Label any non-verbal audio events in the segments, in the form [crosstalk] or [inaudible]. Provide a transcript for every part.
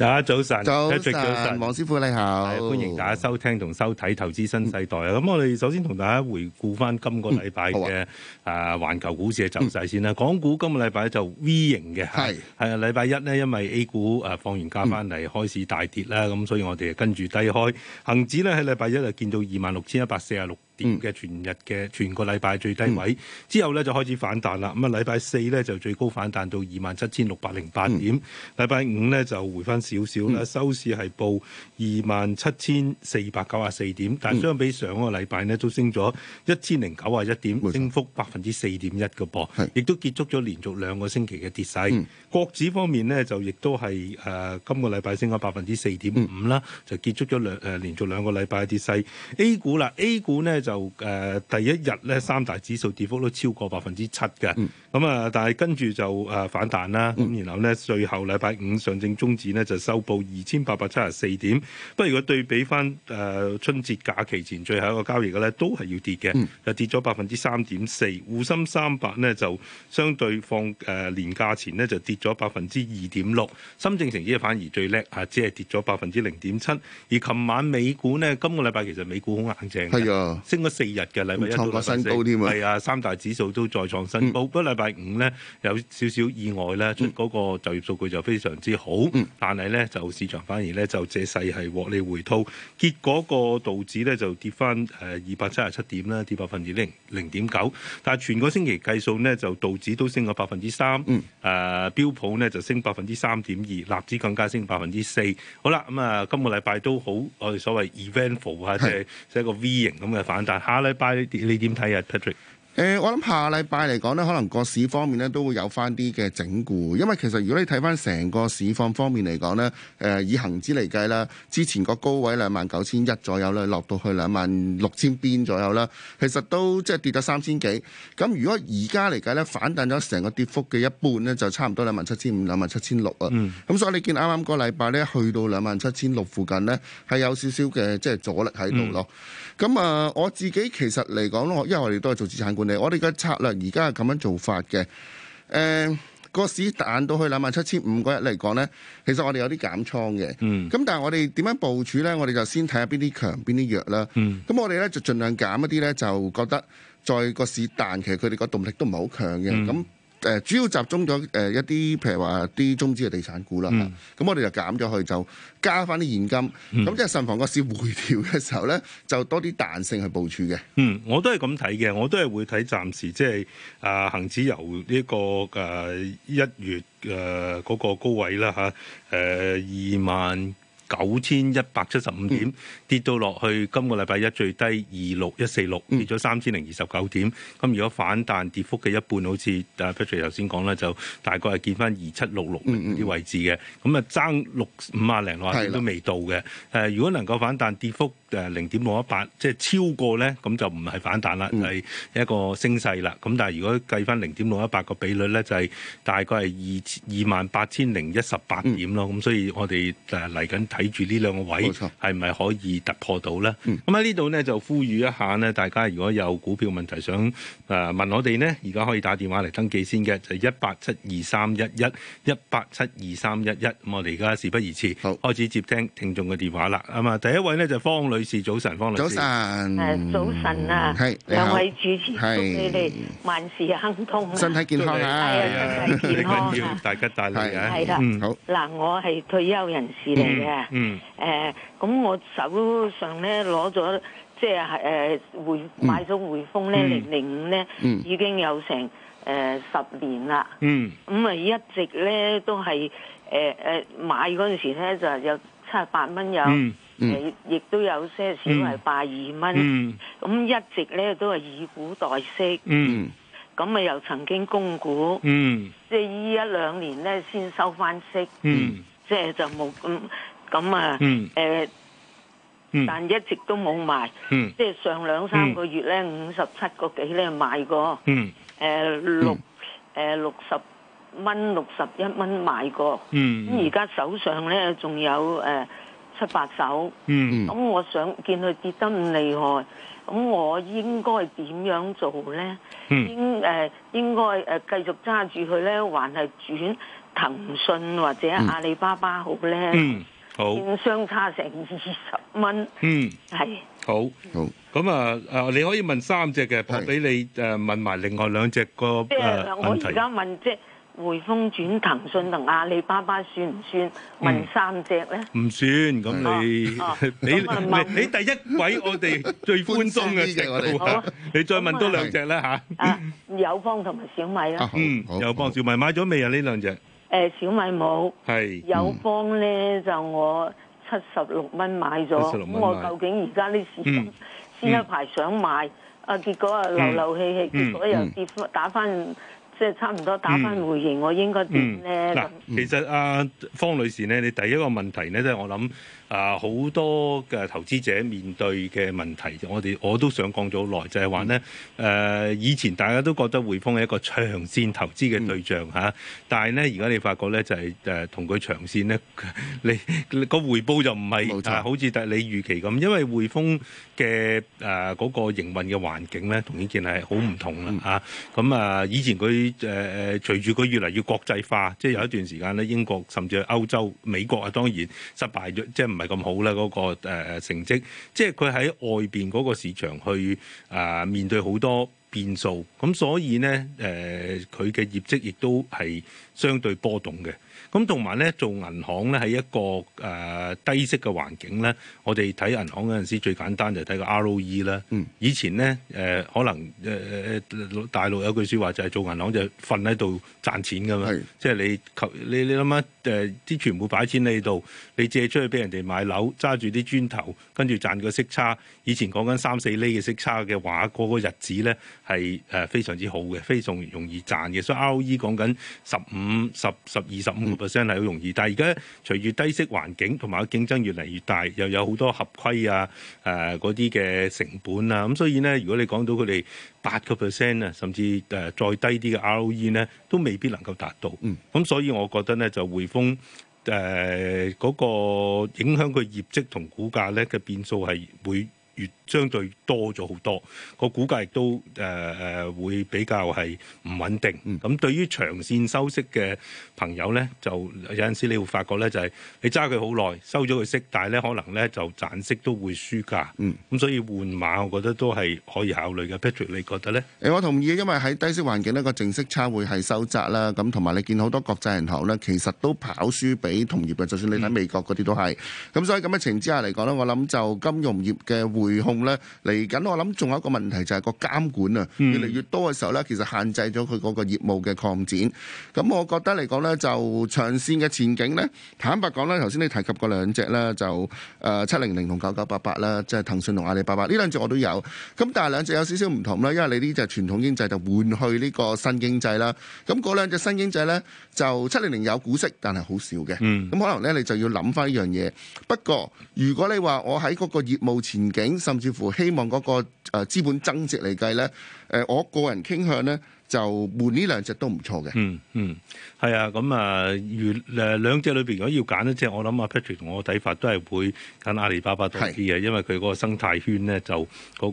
大家早晨，早晨，王師傅你好，歡迎大家收聽同收睇《投資新世代》啊、嗯！咁我哋首先同大家回顧翻今個禮拜嘅啊，環球股市嘅走勢、嗯啊、先啦。港股今個禮拜就 V 型嘅，係係啊！禮拜一呢，因為 A 股啊放完假翻嚟開始大跌啦，咁、嗯、所以我哋跟住低開，恒指咧喺禮拜一就見到二萬六千一百四十六。嘅、嗯、全日嘅全個禮拜最低位、嗯、之後咧就開始反彈啦。咁啊禮拜四咧就最高反彈到二萬七千六百零八點，禮、嗯、拜五咧就回翻少少啦，收市係報二萬七千四百九十四點、嗯。但相比上個禮拜呢，都升咗一千零九啊一點，升幅百分之四點一嘅噃。亦都結束咗連續兩個星期嘅跌勢、嗯。國指方面呢，就亦都係誒今個禮拜升咗百分之四點五啦，就結束咗兩誒、呃、連續兩個禮拜跌勢。A 股啦，A 股呢。就。就誒、呃，第一日咧，三大指數跌幅都超過百分之七嘅。的嗯咁、嗯、啊，但係跟住就反彈啦，咁、嗯、然後呢，最後禮拜五上證綜指呢就收報二千八百七十四點。不過如果對比翻、呃、春節假期前最後一個交易嘅呢都係要跌嘅，就跌咗百分之三點四。滬深三百呢就相對放、呃、年假前呢就跌咗百分之二點六。深證成指反而最叻啊，只係跌咗百分之零點七。而琴晚美股呢，今個禮拜其實美股好硬淨，啊、哎，升咗四日嘅禮拜一到禮拜四，係啊、嗯，三大指數都再創新高、嗯禮拜五咧有少少意外咧，出嗰個就業數據就非常之好，但係咧就市場反而咧就借勢係獲利回吐，結果個道指咧就跌翻誒二百七十七點啦，跌百分之零零點九。但係全個星期計數呢，就道指都升咗百分之三，誒、呃、標普呢，就升百分之三點二，納指更加升百分之四。好啦，咁、嗯、啊今個禮拜都好，我哋所謂 eventful 啊，即係一個 V 型咁嘅反彈。下禮拜你點睇啊，Patrick？誒、呃，我諗下禮拜嚟講呢可能個市方面呢都會有翻啲嘅整固，因為其實如果你睇翻成個市況方面嚟講呢、呃、以恒指嚟計啦，之前個高位兩萬九千一左右啦，落到去兩萬六千邊左右啦，其實都即係跌咗三千幾。咁如果而家嚟計呢反彈咗成個跌幅嘅一半呢就差唔多兩萬七千五、兩萬七千六啊。咁所以你見啱啱個禮拜呢，去到兩萬七千六附近呢，係有少少嘅即係阻力喺度咯。咁、嗯、啊，我自己其實嚟講咧，因為我哋都係做資產。我哋嘅策略而家係咁樣的做法嘅，誒、呃、個市彈到去兩萬七千五嗰日嚟講咧，其實我哋有啲減倉嘅，嗯，咁但係我哋點樣部署咧？我哋就先睇下邊啲強邊啲弱啦，嗯，咁我哋咧就盡量減一啲咧，就覺得在個市彈，其實佢哋個動力都唔係好強嘅，咁、嗯。誒主要集中咗誒一啲譬如話啲中資嘅地產股啦，咁、嗯、我哋就減咗去，就加翻啲現金，咁即係慎防個市回調嘅時候咧，就多啲彈性去部署嘅。嗯，我都係咁睇嘅，我都係會睇暫時即係誒恆指由呢、呢個誒一、呃、月誒嗰、呃嗰個高位啦嚇，誒、呃、二萬。九千一百七十五點跌到落去，今個禮拜一最低二六一四六，跌咗三千零二十九點。咁如果反彈跌幅嘅一半，好似阿 Patrick 頭先講咧，就大概係見翻二七六六零啲位置嘅。咁、嗯、啊，爭六五萬零六啊都未到嘅。如果能夠反彈跌幅零點六一八，即係超過咧，咁就唔係反彈啦，係、嗯就係、一個升勢啦。咁但係如果計翻零點六一八個比率咧，就係、是、大概係二二萬八千零一十八點咯。咁、嗯、所以我哋誒嚟緊睇住呢兩個位，係咪可以突破到呢？咁喺呢度呢，就呼籲一下呢，大家如果有股票問題想誒、呃、問我哋呢，而家可以打電話嚟登記先嘅，就係一八七二三一一一八七二三一一。咁我哋而家事不宜遲，開始接聽聽眾嘅電話啦，啊第一位呢，就係方女士，早晨，方女士。早晨、嗯，早晨啊，兩位主持祝你哋萬事亨通、啊，身體健康啊，啊身體健康、啊啊、大家帶嚟啊，啊，嗯，好，嗱，我係退休人士嚟嘅、啊。嗯嗯，誒、呃，咁我手上咧攞咗，即係誒、呃、匯買咗匯豐咧零零五咧，已經有成誒十、呃、年啦。嗯，咁啊一直咧都係誒誒買嗰陣時咧就係有七十八蚊有，亦、嗯、都有些少係八二蚊。咁一直咧都係以股代息。嗯，咁啊、嗯、又曾經供股。嗯，即係依一兩年咧先收翻息。嗯，即係就冇、是、咁。嗯咁、嗯、啊，誒、嗯嗯，但一直都冇賣，嗯、即係上兩三個月咧，五十七個幾咧買過，誒六誒六十蚊、六十一蚊買過，咁而家手上咧仲有誒七八手，咁、呃嗯嗯、我想見佢跌得咁厲害，咁我應該點樣做咧、嗯？應誒、呃、應該誒繼續揸住佢咧，還係轉騰訊或者阿里巴巴好咧？嗯嗯相差成二十蚊，嗯係好，好咁啊，誒，uh, 你可以問三隻嘅，拍俾你誒、uh, 問埋另外兩隻個、uh, 問題。我而家問，即係匯豐轉騰訊同阿里巴巴算唔算、嗯？問三隻咧？唔算咁你，你 [laughs] 你， [laughs] 你， [laughs] 你第一位我哋最寬鬆嘅隻，你再問多兩隻啦吓。友邦同埋小米啊，嗯，友邦、小米買咗未啊？呢兩隻？誒、欸、小米冇，有方咧就我七十六蚊買咗，咁我究竟而家呢市況先一排想買，啊結果啊流流氣氣，嗯、結果又跌、嗯、打翻，即係差唔多打翻回形、嗯。我應該點咧？嗯、其實阿、啊、方女士咧，你第一個問題咧，即係我諗。啊，好多嘅投資者面對嘅問題，我哋我都想講咗好耐，就係話呢，誒、嗯呃、以前大家都覺得匯豐係一個長線投資嘅對象嚇，嗯、但係呢，而家你發覺呢、就係，就係誒同佢長線呢，你、個回報就唔係、啊、好似第你預期咁，因為匯豐嘅誒嗰個營運嘅環境呢，同以前係好唔同啦嚇。咁、嗯、啊，以前佢誒誒隨住佢越嚟越國際化，即係有一段時間呢，英國甚至係歐洲、美國啊，當然失敗咗，即係唔。唔係咁好啦，嗰個誒成績，即係佢喺外邊嗰個市場去啊、呃、面對好多變數，咁所以呢，誒佢嘅業績亦都係相對波動嘅。咁同埋呢，做銀行呢喺一個誒、呃、低息嘅環境呢。我哋睇銀行嗰陣時最簡單就睇個 ROE 啦。嗯，以前呢，誒、呃、可能誒誒、呃、大陸有句説話就係、是、做銀行就瞓喺度賺錢噶嘛，是即係你你你諗下誒啲全部擺錢喺度。你借出去俾人哋買樓，揸住啲磚頭，跟住賺個息差。以前講緊三四厘嘅息差嘅話，嗰個日子呢係誒非常之好嘅，非常容易賺嘅。所以 ROE 講緊十五、十、十二、十五個 percent 係好容易。但係而家隨住低息環境同埋競爭越嚟越大，又有好多合規啊誒嗰啲嘅成本啊，咁所以呢，如果你講到佢哋八個 percent 啊，甚至誒再低啲嘅 ROE 呢，都未必能夠達到。嗯，咁所以我覺得呢，就匯豐。誒、呃、𠮶、那個影響佢業績同股價咧嘅變數係會。越相對越多咗好多，個估計亦都誒誒、呃、會比較係唔穩定。咁、嗯、對於長線收息嘅朋友咧，就有陣時你會發覺咧，就係你揸佢好耐，收咗佢息，但係咧可能咧就賺息都會輸價。咁、嗯、所以換馬，我覺得都係可以考慮嘅。Patrick，你覺得咧？誒，我同意因為喺低息環境呢個淨息差會係收窄啦。咁同埋你見好多國際銀行咧，其實都跑輸俾同業嘅，就算你睇美國嗰啲都係。咁、嗯、所以咁嘅情況下嚟講咧，我諗就金融業嘅匯控咧嚟緊，我諗仲有一個問題就係個監管啊，越嚟越多嘅時候咧，其實限制咗佢嗰個業務嘅擴展。咁我覺得嚟講咧，就長線嘅前景咧，坦白講咧，頭先你提及嗰兩隻咧，就誒七零零同九九八八啦，即係騰訊同阿里巴巴呢兩隻我都有。咁但係兩隻有少少唔同啦，因為你呢隻傳統經濟就換去呢個新經濟啦。咁嗰兩隻新經濟咧，就七零零有股息，但係好少嘅。咁可能咧，你就要諗翻一樣嘢。不過如果你話我喺嗰個業務前景，甚至乎希望嗰個誒資本增值嚟計咧，誒，我個人傾向咧就換呢兩隻都唔錯嘅。嗯嗯，係啊，咁啊，如誒兩隻裏邊如果要揀一隻，我諗阿 Patrick 同我睇法都係會揀阿里巴巴多啲啊，因為佢嗰個生態圈咧就嗰、嗰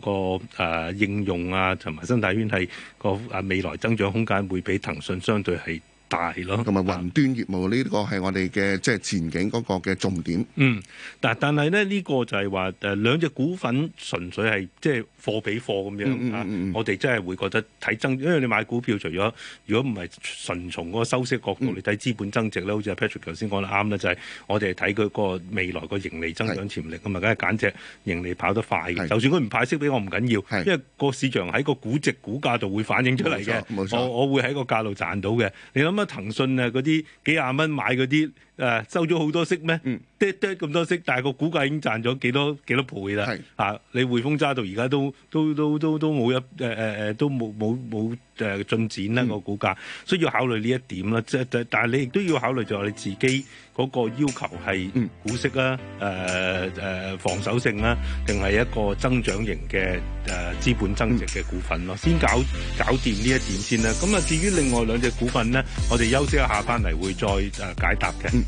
個誒、啊、應用啊，同埋生態圈係個誒未來增長空間會比騰訊相對係大咯，同埋雲端業務呢、啊這個係我哋嘅即係前景嗰個嘅重點。嗯，但但係咧呢、這個就係話兩隻股份純粹係即係貨比貨咁樣、嗯啊嗯、我哋真係會覺得睇增，因為你買股票除咗如果唔係純從嗰個收息角度嚟睇、嗯、資本增值咧，好似阿 Patrick 頭先講得啱咧，就係、是、我哋睇佢個個未來個盈利增長潛力咁嘛，梗係揀隻盈利跑得快嘅。就算佢唔派息俾我唔緊要，因為個市場喺個估值股價度會反映出嚟嘅。冇錯，我，我會喺個價度賺到嘅。你諗乜騰訊啊，嗰啲幾廿蚊買嗰啲。誒收咗好多息咩、嗯？跌跌咁多息，但係個股價已經賺咗幾多幾多倍啦、啊。你匯豐揸到而家都都都都、呃、都冇一誒都冇冇冇誒進展啦個、嗯、股價，所以要考慮呢一點啦。即但係你亦都要考慮就你自己嗰個要求係股息啦、誒、嗯呃呃、防守性啦，定係一個增長型嘅誒、呃、資本增值嘅股份咯、嗯。先搞搞掂呢一點先啦。咁啊，至於另外兩隻股份咧，我哋休息一下翻嚟會再誒解答嘅。嗯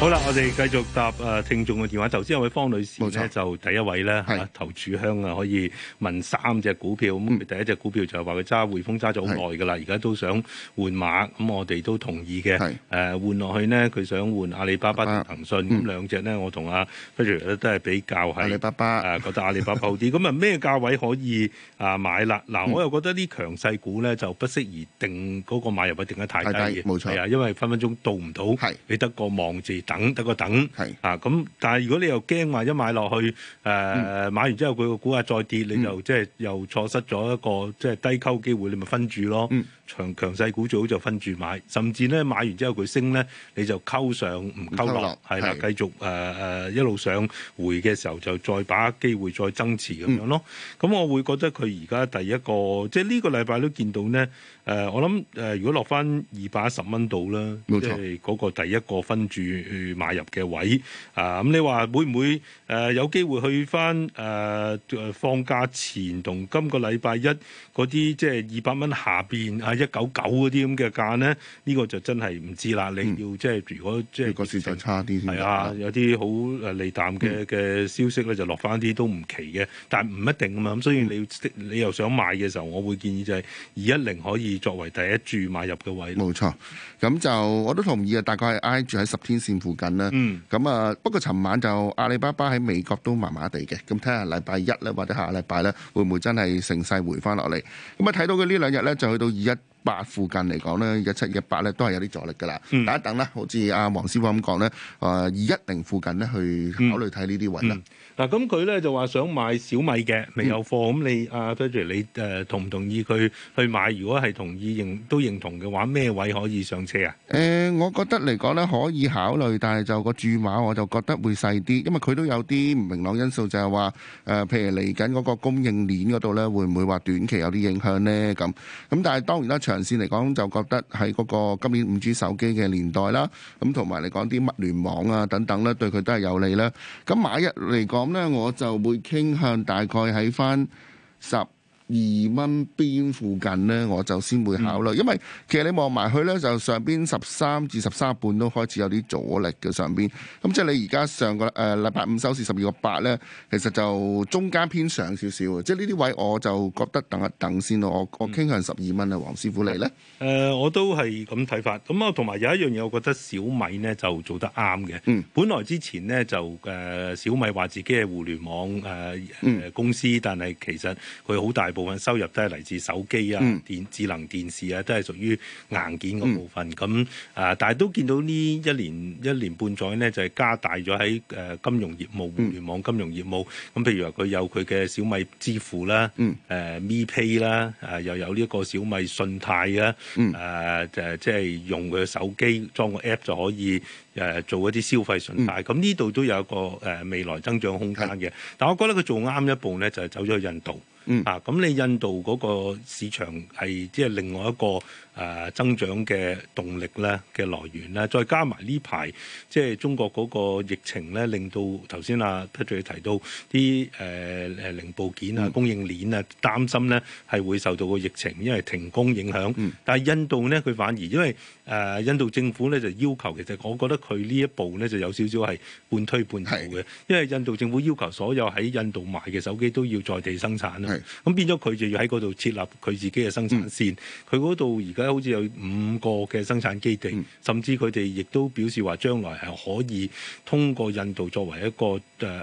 好啦，我哋繼續答誒聽眾嘅電話。頭先有位方女士咧，就第一位咧嚇頭柱香啊，可以問三隻股票。咁、嗯、第一隻股票就係話佢揸匯豐揸咗好耐㗎啦，而家都想換馬。咁我哋都同意嘅、啊。換落去呢，佢想換阿里巴巴同騰訊。咁、啊、兩隻呢，我同阿 Peter 都係比較係阿里巴巴、啊、覺得阿里巴巴好啲。咁啊咩價位可以買啊買啦？嗱，我又覺得啲強勢股咧就不適宜定嗰個買入位定得太低嘅，冇錯。係啊，因為分分鐘到唔到。係你得個望字。等得個等嚇咁、啊，但係如果你又驚，或者買落去誒、呃嗯、買完之後佢個股價再跌，你就即係、嗯、又錯失咗一個即係、就是、低溝機會，你咪分住咯。嗯、強強勢股最好就分住買，甚至咧買完之後佢升咧，你就溝上唔溝落，係啦，繼續誒誒、呃、一路上回嘅時候就再把握機會再增持咁樣咯。咁、嗯、我會覺得佢而家第一個即係呢個禮拜都見到咧誒、呃，我諗誒如果落翻二百一十蚊度啦，即係嗰個第一個分住。住買入嘅位啊！咁你話會唔會誒、呃、有機會去翻誒、呃、放假前同今個禮拜一嗰啲即係二百蚊下邊啊，一九九嗰啲咁嘅價呢？呢、呢個就真係唔知啦。你要即係如果即係個市再差啲、啊，係啊，有啲好誒利淡嘅嘅、嗯、消息咧，就落翻啲都唔奇嘅，但係唔一定啊嘛。咁所以你、嗯、你又想買嘅時候，我會建議就係二一零可以作為第一注買入嘅位。冇錯，咁就我都同意啊。大概係挨住喺十天線附。附近啦，咁啊，不過尋晚就阿里巴巴喺美國都麻麻地嘅，咁睇下禮拜一咧或者下禮拜咧，會唔會真係乘勢回翻落嚟？咁啊，睇到佢呢兩日咧就去到二一八附近嚟講咧，二一七、二一八咧都係有啲阻力噶啦，等一等啦。好似阿黃師傅咁講咧，誒二一零附近咧去考慮睇呢啲位啦。嗯嗯。嗱咁佢咧就話想買小米嘅，未有貨咁你啊 Toddy，你誒同唔同意佢去買？如果係同意認都認同嘅話，咩位可以上車啊？誒，我覺得嚟講咧可以考慮，但係就個注碼我就覺得會細啲，因為佢都有啲唔明朗因素，就係話誒，譬如嚟緊嗰個供應鏈嗰度咧，會唔會話短期有啲影響咧？咁咁，但係當然啦，長線嚟講就覺得喺嗰個今年五 G 手機嘅年代啦，咁同埋嚟講啲物聯網啊等等咧，對佢都係有利啦。咁買入嚟講，咧我就會傾向大概喺翻十。二蚊邊附近呢？我就先會考慮，嗯、因為其實你望埋去呢，就上邊十三至十三半都開始有啲阻力嘅上邊。咁即係你而家上個呃禮拜五收市十二個八呢，其實就中間偏上少少。即係呢啲位我就覺得等一等先咯。我我傾向十二蚊啊，黃師傅你呢？呃、我都係咁睇法。咁啊，同埋有一樣嘢，我覺得小米呢就做得啱嘅。嗯，本來之前呢，就、呃、小米話自己係互聯網、呃、公司，但係其實佢好大部。部分收入都係嚟自手機啊、電智能電視啊，都係屬於硬件嘅部分。咁、嗯、啊，但係都見到呢一年一年半載咧，就係、是、加大咗喺誒金融業務、互聯網金融業務。咁譬如話佢有佢嘅小米支付啦、誒 Mi Pay 啦，誒、啊啊、又有呢一個小米信貸啊，誒就係即係用佢嘅手機裝個 App 就可以。誒做一啲消費信貸，咁呢度都有一個誒未來增長空間嘅、嗯。但我覺得佢做啱一步咧，就係走咗去了印度、嗯、啊。咁你印度嗰個市場係即係另外一個誒、呃、增長嘅動力咧嘅來源咧。再加埋呢排即係中國嗰個疫情咧，令到頭先啊 Peter 提到啲誒誒零部件啊、供應鏈啊，擔、嗯、心咧係會受到個疫情因為停工影響、嗯。但係印度咧，佢反而因為誒、呃、印度政府咧就要求，其實我覺得。佢呢一步呢就有少少係半推半就嘅，因為印度政府要求所有喺印度賣嘅手機都要在地生產啦。咁變咗佢就要喺嗰度設立佢自己嘅生產線，佢嗰度而家好似有五個嘅生產基地，甚至佢哋亦都表示話將來係可以通過印度作為一個誒誒、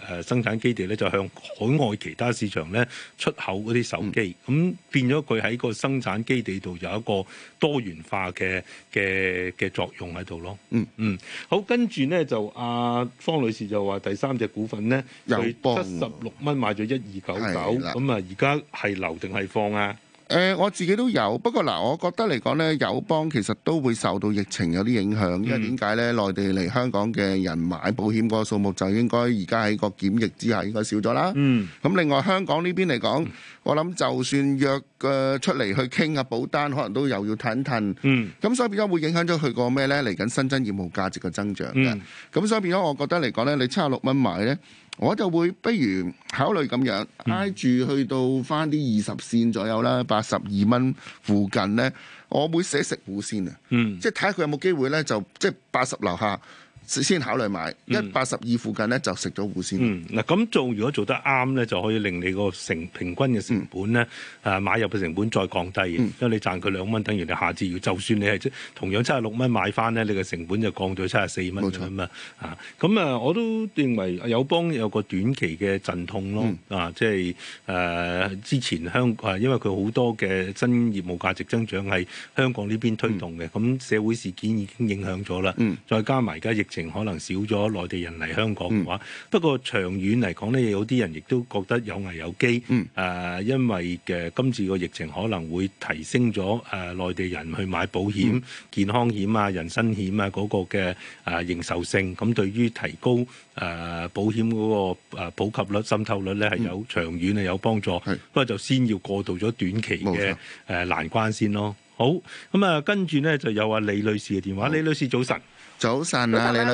呃、生產基地咧，就向海外其他市場咧出口嗰啲手機，咁、嗯、變咗佢喺個生產基地度有一個多元化嘅嘅嘅作用喺度咯。嗯嗯。好，跟住呢就阿、啊、方女士就話第三隻股份呢，佢七十六蚊買咗一二九九，咁啊而家係留定係放啊？誒、呃、我自己都有，不過嗱，我覺得嚟講咧，友邦其實都會受到疫情有啲影響，嗯、因為點解咧？內地嚟香港嘅人買保險個數目就應該而家喺個檢疫之下應該少咗啦。嗯。咁另外香港呢邊嚟講，我諗就算約嘅出嚟去傾下保單，可能都又要褪一褪。嗯。咁所以變咗會影響咗佢個咩咧？嚟緊新增業務價值嘅增長嘅。咁、嗯、所以變咗，我覺得嚟講咧，你七十六蚊買咧。我就會不如考慮咁樣挨住去到翻啲二十線左右啦，八十二蚊附近呢，我會寫食戶先啊，嗯，即係睇下佢有冇機會呢，就即係八十樓下。先考慮買，一八十二附近咧就食咗糊先。嗯，嗱咁做如果做得啱咧，就可以令你個成平均嘅成本咧，啊、嗯呃、買入嘅成本再降低。嗯、因為你賺佢兩蚊，等於你下次要，就算你係同樣七十六蚊買翻咧，你個成本就降到七十四蚊咁啊。啊，咁啊我都認為友邦有，有個短期嘅陣痛咯、嗯。啊，即、就、係、是呃、之前香誒，因為佢好多嘅新業務價值增長係香港呢邊推動嘅，咁、嗯嗯、社會事件已經影響咗啦。嗯，再加埋而家疫情。可能少咗內地人嚟香港嘅話、嗯，不過長遠嚟講呢，有啲人亦都覺得有危有機。誒、嗯呃，因為今次個疫情可能會提升咗誒內地人去買保險、嗯、健康險啊、人身險啊嗰、那個嘅誒認受性，咁對於提高誒、呃、保險嗰個普及率、滲透率呢，係有長遠嘅有幫助。不、嗯、過就先要過渡咗短期嘅誒難關先咯。好咁啊，跟住咧就有啊。李女士嘅電話。李女士早晨，早晨啊，李女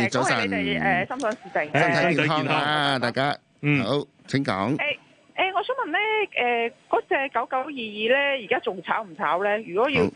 士早晨，恭喜你哋誒、呃、心想事成，身體健康啊！大家，嗯，好，請講。誒、欸、誒、欸，我想問咧，誒嗰隻九九二二咧，而家仲炒唔炒咧？如果要誒，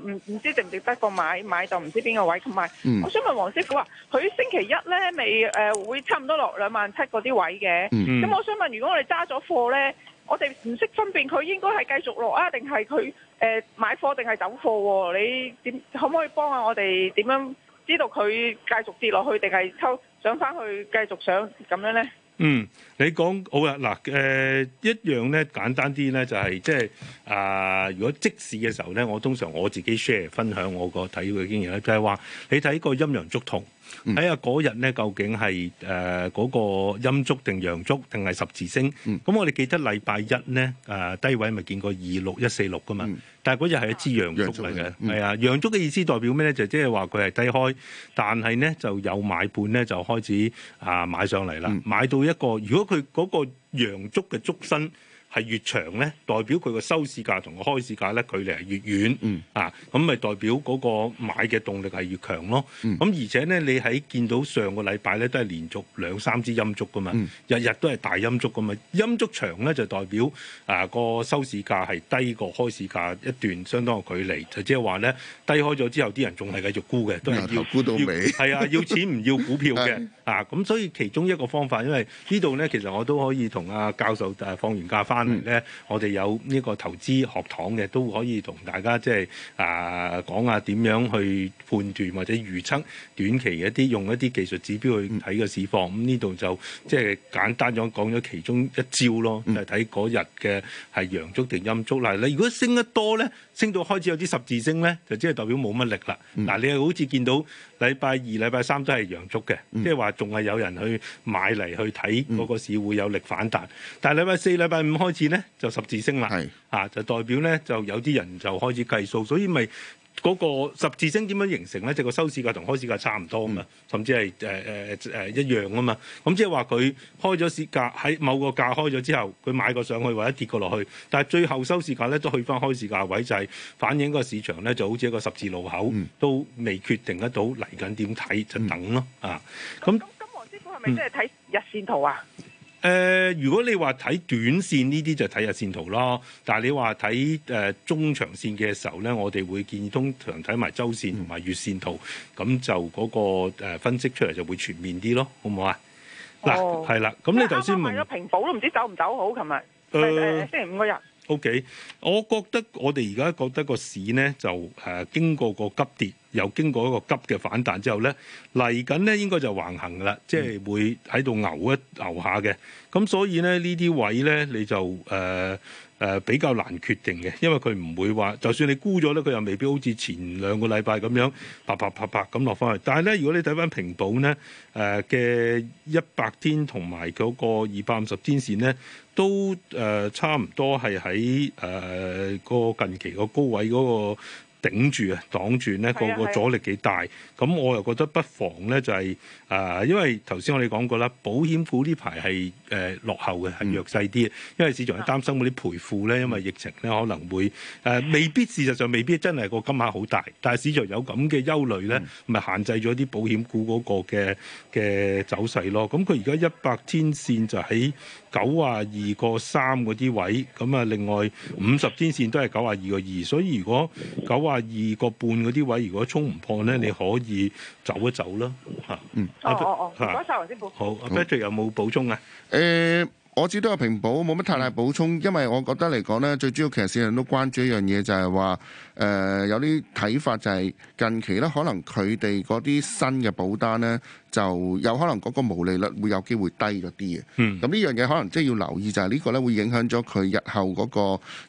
唔唔、呃、知道值唔值得個買買就唔知邊個位買。同、嗯、埋，我想問黃師傅啊，佢星期一咧，未誒、呃、會差唔多落兩萬七嗰啲位嘅。咁、嗯、我想問，如果我哋揸咗貨咧，我哋唔識分辨佢應該係繼續落啊，定係佢？誒買貨定係走貨喎？你點可唔可以幫下我哋，點樣知道佢繼續跌落去定係抽上翻去繼續上咁樣咧？嗯，你講好啊。嗱，誒一樣咧，簡單啲咧就係即係啊！如果即時嘅時候咧，我通常我自己 share 分，分享我個體會經驗咧，就係話你睇個陰陽燭痛。睇下嗰日咧，看看究竟係誒嗰個陰燭定陽燭定係十字星？咁、嗯、我哋記得禮拜一咧，誒、呃、低位咪見過二六一四六㗎嘛？但係嗰日係一支陽燭嚟嘅，係、嗯、啊！陽燭嘅意思代表咩咧？就即係話佢係低開，但係咧就有買盤咧就開始啊買上嚟啦、嗯，買到一個如果佢嗰個陽燭嘅燭身，係越長咧，代表佢個收市價同個開市價咧距離係越遠，嗯、啊，咁咪代表嗰個買嘅動力係越強咯。咁、嗯、而且咧，你喺見到上個禮拜咧都係連續兩三支陰燭噶嘛、嗯，日日都係大陰燭噶嘛。陰燭長咧就代表啊個收市價係低過開市價一段相當嘅距離，就即係話咧低開咗之後，啲人仲係繼續沽嘅，都係要沽到尾。係 [laughs] 啊，要錢唔要股票嘅 [laughs] 啊，咁所以其中一個方法，因為這裡呢度咧其實我都可以同阿、啊、教授誒、啊、放完假翻。翻嚟咧，我哋有呢個投資學堂嘅，都可以同大家即係、就是、啊講下點樣去判斷或者預測短期一啲用一啲技術指標去睇個市況。咁呢度就即係、就是、簡單咗講咗其中一招咯，就係睇嗰日嘅係陽燭定陰燭。嗱，你如果升得多咧，升到開始有啲十字星咧，就即係代表冇乜力啦。嗱、嗯，你又好似見到禮拜二、禮拜三都係陽燭嘅，即係話仲係有人去買嚟去睇嗰個市會有力反彈。嗯、但係禮拜四、禮拜五開。開始咧就十字星啦，啊就代表咧就有啲人就開始計數，所以咪嗰個十字星點樣形成咧？就係、是、個收市價同開市價差唔多嘛、嗯，甚至係誒誒誒一樣啊嘛。咁即係話佢開咗市價喺某個價開咗之後，佢買過上去或者跌過落去，但係最後收市價咧都去返開市價位，就係、是、反映個市場咧就好似一個十字路口，嗯、都未決定得到嚟緊點睇就等咯、嗯、啊。咁咁，金黃師傅係咪即係睇日線圖啊？嗯誒、呃，如果你話睇短線呢啲就睇日線圖咯，但你話睇、呃、中長線嘅時候咧，我哋會建議通常睇埋周線同埋月線圖，咁就嗰、那個、呃、分析出嚟就會全面啲咯，好唔好啊？嗱、哦，係啦，咁你頭先問咗平保都唔知走唔走好，琴日、呃、星期五嗰日。OK，我覺得我哋而家覺得個市呢，就誒經過個急跌，又經過一個急嘅反彈之後呢，嚟緊呢應該就橫行噶啦，即係會喺度牛一牛下嘅，咁所以呢，呢啲位呢，你就、呃誒比較難決定嘅，因為佢唔會話，就算你沽咗咧，佢又未必好似前兩個禮拜咁樣啪啪啪啪咁落翻去。但係咧，如果你睇翻平保咧，誒嘅一百天同埋嗰個二百五十天線咧，都誒、呃、差唔多係喺誒個近期個高位嗰、嗰個。頂住啊，擋住咧，個個、啊啊、阻力幾大。咁我又覺得不妨咧，就係、是、啊、呃，因為頭先我哋講過啦，保險股呢排係誒落後嘅，係弱勢啲、嗯。因為市場係擔心嗰啲賠付咧、嗯，因為疫情咧可能會誒、呃、未必事實上未必真係個金額好大，但係市場有咁嘅憂慮咧，咪、嗯、限制咗啲保險股嗰個嘅嘅走勢咯。咁佢而家一百天線就喺。九啊二個三嗰啲位置，咁啊另外五十天線都係九啊二個二，所以如果九啊二個半嗰啲位置如果衝唔破咧，你可以走一走咯嚇。嗯，哦哦哦，唔該曬黃先生。好，阿、啊、Betty 有冇補充啊？誒、呃，我知都有平保冇乜太大補充，因為我覺得嚟講咧，最主要其實市場都關注一樣嘢，就係話誒有啲睇法就係近期咧，可能佢哋嗰啲新嘅保單咧。就有可能嗰個毛利率會有機會低咗啲嘅。嗯，咁呢樣嘢可能即係要留意，就係呢個咧會影響咗佢日後嗰個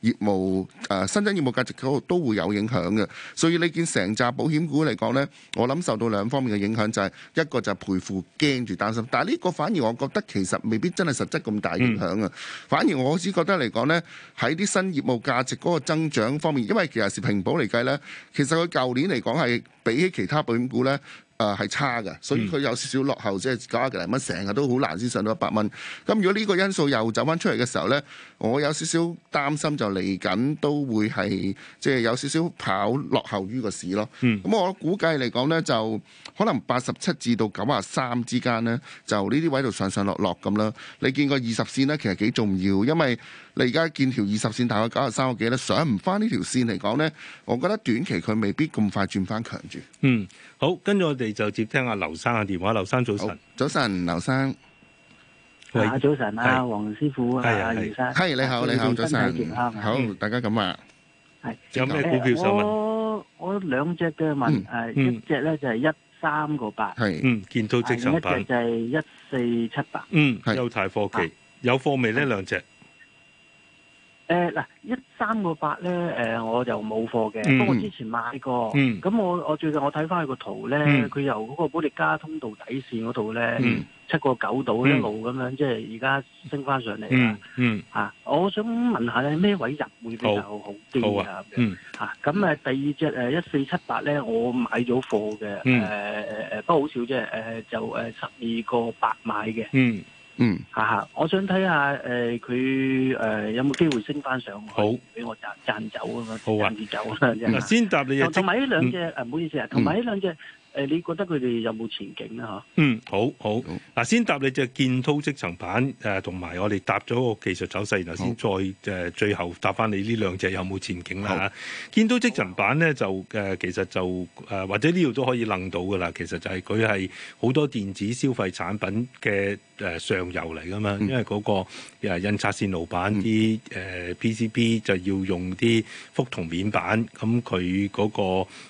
業務、呃、新增業務價值嗰度都會有影響嘅，所以你見成紮保險股嚟講咧，我諗受到兩方面嘅影響，就是就係一個就係賠付驚住擔心，但係呢個反而我覺得其實未必真係實質咁大影響啊，反而我只覺得嚟講咧，喺啲新業務價值嗰個增長方面，因為其實是平保嚟計咧，其實佢舊年嚟講，係比起其他保險股咧。誒係差㗎，所以佢有少少落後，即係九十幾零蚊，成日都好難先上到一百蚊。咁如果呢個因素又走翻出嚟嘅時候呢，我有少少擔心就嚟緊都會係即係有少少跑落後於個市咯。咁、嗯、我估計嚟講呢，就。可能八十七至到九十三之間咧，就呢啲位度上上落落咁啦。你見個二十線咧，其實幾重要，因為你而家見條二十線大概九十三個幾咧，上唔翻呢條線嚟講咧，我覺得短期佢未必咁快轉翻強住。嗯，好，跟住我哋就接聽阿劉生嘅電話。劉生早晨，早晨，劉生，啊早晨啊，黃師傅啊，係啊劉生，係你好，你好，早晨，好，大家咁啊，係，有咩股票想問？我兩隻嘅問題，一隻咧就係一。三個八，嗯，見到正常一個就係一四七八，嗯，優泰科技有貨未呢兩隻？誒嗱一三個八咧，誒 [music] 我就冇貨嘅。不過之前買過，咁、嗯、我我最近我睇翻佢個圖咧，佢、嗯、由嗰個保利加通道底線嗰度咧，七個九度一路咁樣，即係而家升翻上嚟啦。嗯，嚇、嗯啊，我想問下咧，咩位入會比較好啲啊？嗯、嚇、啊，咁誒第二隻誒一四七八咧，1478，我買咗貨嘅。誒誒誒，不過好少啫。誒就誒十二個八買嘅。嗯。呃嗯，嚇嚇，我想睇下誒佢誒有冇機會升翻上去，俾我賺賺走啊嘛，賺啲走好啊！嗱，先答你同埋呢兩隻誒，唔、嗯啊、好意思啊，同埋呢兩隻誒、嗯，你覺得佢哋有冇前景咧？嚇，嗯，好好，嗱，先答你隻建滔積層板誒，同埋我哋搭咗個技術走勢，然後先再誒最後答翻你呢兩隻有冇前景啦嚇。建滔積層板咧就誒、呃，其實就誒、呃、或者呢度都可以諗到噶啦，其實就係佢係好多電子消費產品嘅。誒上游嚟㗎嘛，因為嗰個誒印刷線路板啲誒 PCB 就要用啲覆銅面板，咁佢嗰個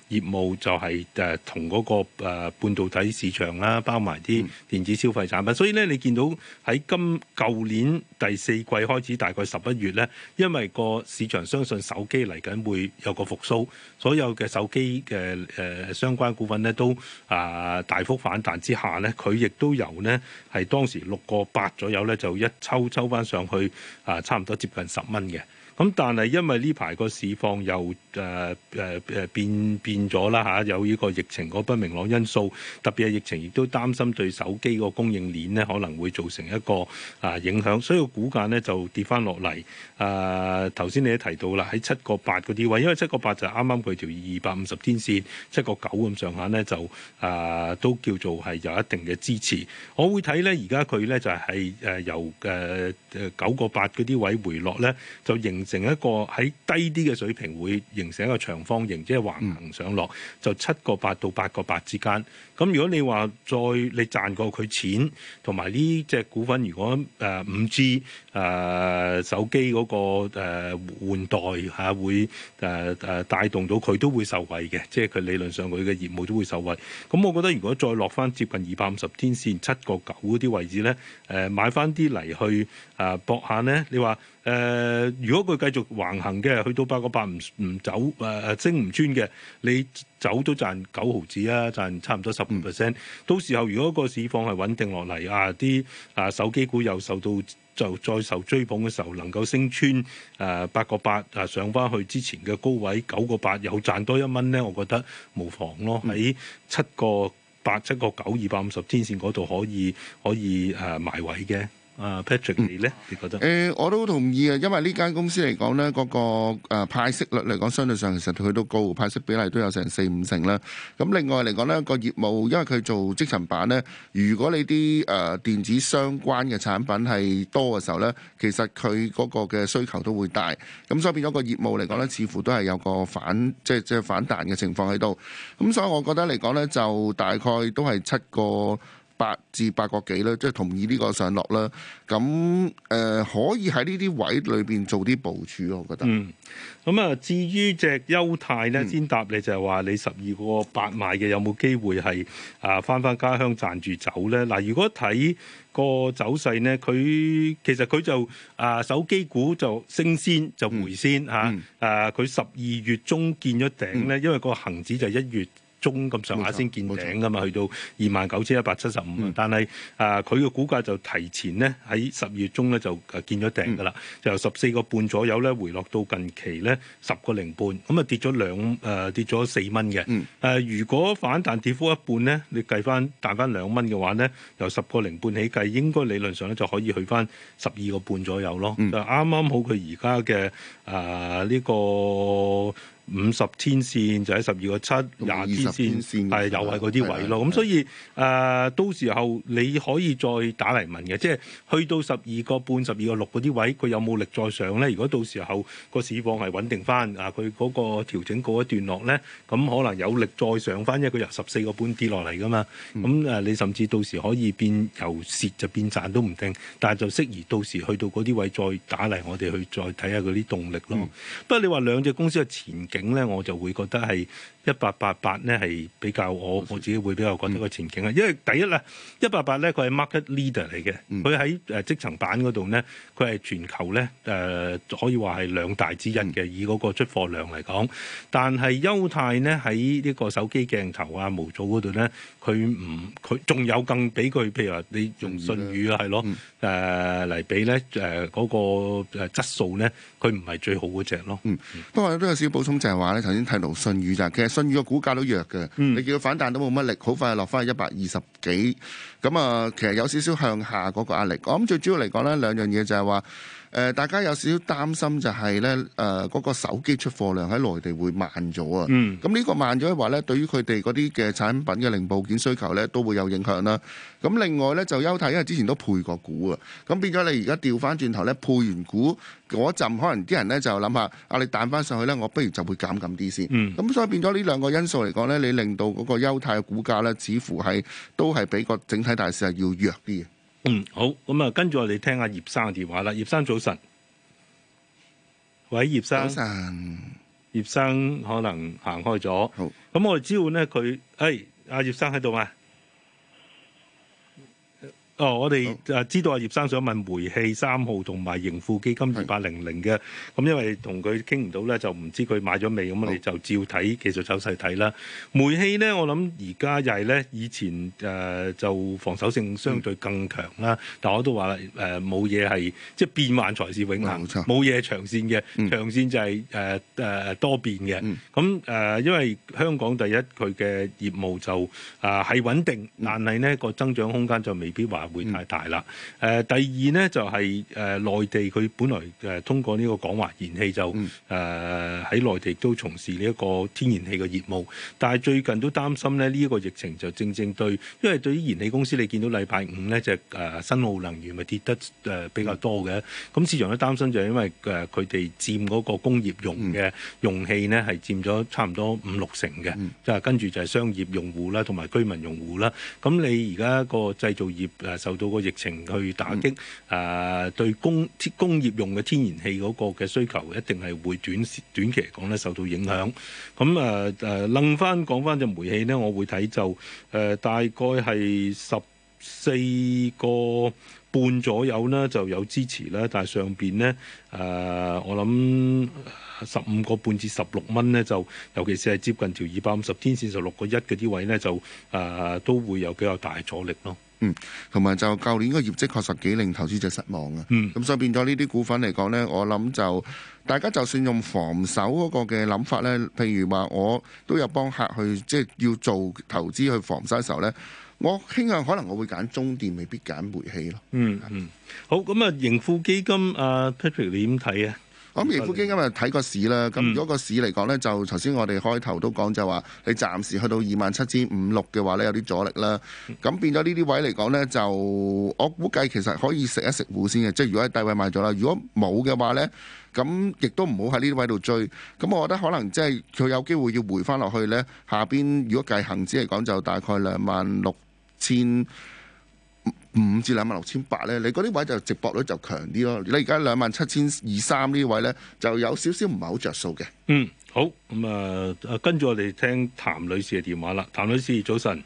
業務就係誒同嗰個誒半導體市場啦，包埋啲電子消費產品，所以咧你見到喺今舊年。第四季開始，大概十一月咧，因為個市場相信手機嚟緊會有個復甦，所有嘅手機嘅誒相關股份咧都啊大幅反彈之下咧，佢亦都由呢，係當時六個八左右咧，就一抽抽翻上去啊，差唔多接近十蚊嘅。咁但係因為呢排個市況又誒誒誒變變咗啦吓，有呢個疫情嗰不明朗因素，特別係疫情亦都擔心對手機個供應鏈咧可能會造成一個啊影響，所以個股價咧就跌翻落嚟。誒頭先你都提到啦，喺七個八嗰啲位，因為七個八就啱啱佢條二百五十天線七個九咁上下咧就誒、啊、都叫做係有一定嘅支持。我會睇咧，而家佢咧就係誒由誒誒九個八嗰啲位回落咧，就仍。成一個喺低啲嘅水平會形成一個長方形，即係橫行上落，就七個八到八個八之間。咁如果你話再你賺過佢錢，同埋呢隻股份，如果誒五 G 誒手機嗰個誒換代嚇會誒誒帶動到佢都會受惠嘅，即係佢理論上佢嘅業務都會受惠。咁我覺得如果再落翻接近二百五十天線七個九嗰啲位置咧，誒買翻啲嚟去誒搏下咧，你話？誒、呃，如果佢繼續橫行嘅，去到八個八唔唔走誒誒、呃、升唔穿嘅，你走都賺九毫子啊，賺差唔多十五 percent。到時候如果個市況係穩定落嚟啊，啲啊手機股又受到就再受追捧嘅時候，能夠升穿誒八個八啊上翻去之前嘅高位九個八，又賺多一蚊咧，我覺得無妨咯。喺七個八、七個九、二百五十天線嗰度可以可以誒埋位嘅。啊，Patrick 你咧？你覺得？誒、呃，我都同意啊，因為呢間公司嚟講咧，嗰、那個、呃、派息率嚟講，相對上其實佢都高，派息比例都有成四五成啦。咁另外嚟講咧，個業務因為佢做積層板咧，如果你啲誒、呃、電子相關嘅產品係多嘅時候咧，其實佢嗰個嘅需求都會大。咁所以變咗個業務嚟講咧，似乎都係有個反，即係即係反彈嘅情況喺度。咁所以我覺得嚟講咧，就大概都係七個。八至八個幾咧，即係同意呢個上落啦。咁、呃、可以喺呢啲位裏面做啲部署咯，我覺得嗯。嗯。咁啊，至於隻優泰咧，先答你就係話你十二個八買嘅有冇機會係啊翻翻家鄉賺住走咧？嗱，如果睇個走勢呢，佢其實佢就啊手機股就升先就回先嚇、嗯嗯。啊，佢十二月中見咗頂咧，因為個恆指就一月中咁上下先見頂噶嘛，去到二萬九千一百七十五。但係啊，佢、呃、嘅股價就提前咧喺十二月中咧就誒見咗頂㗎啦、嗯，就由十四個半左右咧回落到近期咧十個零半，咁啊跌咗兩誒跌咗四蚊嘅。誒、嗯呃、如果反彈跌幅一半咧，你計翻彈翻兩蚊嘅話咧，由十個零半起計，應該理論上咧就可以去翻十二個半左右咯。嗯、就啱啱好佢而家嘅啊呢個。五十天線就喺十二個七廿天線，但又係嗰啲位咯。咁所以誒、uh，到時候你可以再打嚟問嘅，即係去到十二個半、十二個六嗰啲位，佢有冇力再上咧？如果到時候個市況係穩定翻啊，佢嗰個調整過一段落咧，咁可能有力再上翻，因為佢由十四個半跌落嚟噶嘛。咁、嗯、誒，你甚至到時候可以變由蝕就變賺都唔定，但係就適宜到時候去到嗰啲位再打嚟，我哋去再睇下嗰啲動力咯、嗯。不過你話兩隻公司嘅前景？影咧，我就會覺得係。 [music] 一八八八咧係比較我我自己會比較覺得個前景啊，因為第一啦，一八八咧佢係 market leader 嚟嘅，佢喺誒積層板嗰度咧，佢係全球咧誒可以話係兩大之一嘅、嗯，以嗰個出貨量嚟講。但係優泰咧喺呢個手機鏡頭啊模組嗰度咧，佢唔佢仲有更比佢，譬如話你用信宇是是、嗯是嗯、啊，係咯誒嚟比咧誒嗰個誒質素咧，佢唔係最好嗰隻咯。嗯，不過都有少補充就係話咧，頭先睇盧信宇就其個股價都弱嘅，你叫佢反彈都冇乜力，好快落翻去一百二十幾，咁啊，其實有少少向下嗰個壓力。我諗最主要嚟講咧，兩樣嘢就係話。大家有少少擔心就係、是、咧，誒、呃、嗰、那個手機出貨量喺內地會慢咗啊！咁、嗯、呢個慢咗嘅話咧，對於佢哋嗰啲嘅產品嘅零部件需求咧，都會有影響啦。咁另外咧就優泰，因為之前都配過股啊，咁變咗你而家調翻轉頭咧，配完股嗰陣，可能啲人咧就諗下啊你彈翻上去咧，我不如就會減緊啲先。咁、嗯、所以變咗呢兩個因素嚟講咧，你令到嗰個優泰嘅股價咧，似乎係都係比個整體大市係要弱啲。嗯，好，咁啊，跟住我哋聽阿葉生嘅電話啦。葉生早晨，喂，葉生，早晨，葉生可能行開咗，好，咁我哋交換呢，佢，哎，阿葉生喺度嘛？哦，我哋誒知道阿葉生想問煤氣三號同埋盈富基金二八零零嘅，咁因為同佢傾唔到咧，就唔知佢買咗未，咁我哋就照睇技術走勢睇啦。煤氣咧，我諗而家又係咧以前誒、呃、就防守性相對更強啦、嗯。但我都話誒冇嘢係即係變幻才是永恆，冇、嗯、嘢長線嘅、嗯、長線就係誒誒多變嘅。咁、嗯、誒、呃、因為香港第一，佢嘅業務就啊係、呃、穩定，但係呢個增長空間就未必話，會太大啦。誒，第二呢，就係、是、誒、呃、內地佢本來誒、呃、通過呢個港華燃氣就誒喺、嗯呃、內地都從事呢一個天然氣嘅業務。但係最近都擔心咧，呢、這、一個疫情就正正對，因為對於燃氣公司，你見到禮拜五呢就誒新奧能源咪跌得誒、呃、比較多嘅。咁、嗯、市場都擔心就係因為誒佢哋佔嗰個工業用嘅用氣呢，係佔咗差唔多五六成嘅，嗯、就係跟住就係商業用戶啦，同埋居民用戶啦。咁你而家個製造業誒？呃受到個疫情去打擊，誒、嗯啊、對工工業用嘅天然氣嗰個嘅需求一定係會短短期嚟講咧受到影響。咁誒誒，諗返講返隻煤氣呢，我會睇就誒、啊、大概係十四個半左右呢就有支持啦。但係上邊呢，誒、啊，我諗十五個半至十六蚊呢，就尤其是係接近條二百五十天線十六個一嘅啲位呢，就誒、啊、都會有比較大阻力咯。嗯，同埋就舊年個業績確實幾令投資者失望嘅。嗯，咁所以變咗呢啲股份嚟講呢，我諗就大家就算用防守嗰個嘅諗法呢，譬如話我都有幫客去即係要做投資去防守嘅時候呢，我傾向可能我會揀中電，未必揀煤氣咯。嗯嗯，好，咁啊盈富基金啊 Patrick 你點睇啊？咁微軟基金今日睇個市啦。咁如果個市嚟講呢，就頭先我哋開頭都講就話，你暫時去到二萬七千五六嘅話呢，有啲阻力啦。咁變咗呢啲位嚟講呢，就我估計其實可以食一食股先嘅。即係如果低位買咗啦，如果冇嘅話呢，咁亦都唔好喺呢啲位度追。咁我覺得可能即係佢有機會要回翻落去呢。下邊如果計恒指嚟講，就大概兩萬六千。五至兩萬六千八咧，你嗰啲位就直播率就強啲咯。你而家兩萬七千二三呢位咧，就有少少唔係好着數嘅。嗯，好。咁啊，跟住我哋聽譚女士嘅電話啦。譚女士，早晨。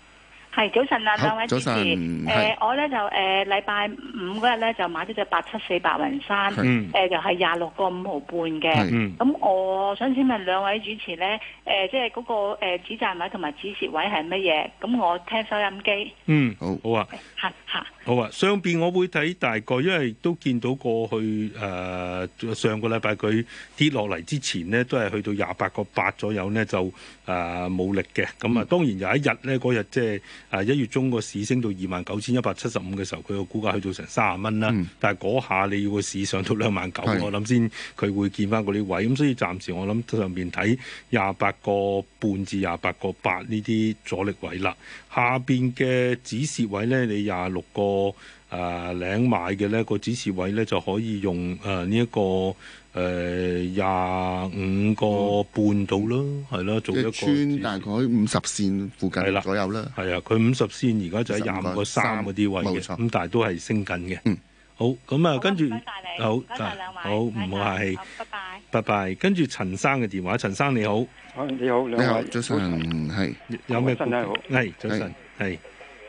係早晨啊，兩位主持，誒、呃、我咧就誒禮拜五嗰日咧就買咗隻八七四白雲山，誒、呃、就係廿六個五毫半嘅，咁我想請問兩位主持咧，誒、呃、即係嗰、那個、呃、止賺位同埋止蝕位係乜嘢？咁我聽收音機。嗯，好啊 [laughs] 好啊，嚇嚇，好啊，上邊我會睇大概因為都見到過去誒、呃、上個禮拜佢跌落嚟之前咧，都係去到廿八個八左右咧就誒冇、呃、力嘅，咁、嗯、啊當然有一日咧嗰日即係。啊！一月中個市升到二萬九千一百七十五嘅時候，佢個估價去到成三十蚊啦。但係嗰下你要個市上到兩萬九，我諗先佢會見翻嗰啲位。咁所以暫時我諗上邊睇廿八個半至廿八個八呢啲阻力位啦。下邊嘅止蝕位咧，你廿六個誒領、呃、買嘅咧，那個止蝕位咧就可以用誒呢一個。誒廿五個半到咯，係啦、嗯，做一個村大概五十線附近左右啦。係啊，佢五十線而家就喺廿五個三嗰啲位嘅，咁但係都係升緊嘅、嗯。好，咁啊，跟住好，好，唔好客氣，拜拜，拜拜。跟住陳生嘅電話，陳生你好。你好，兩位早晨，係有咩股？好，係早晨，係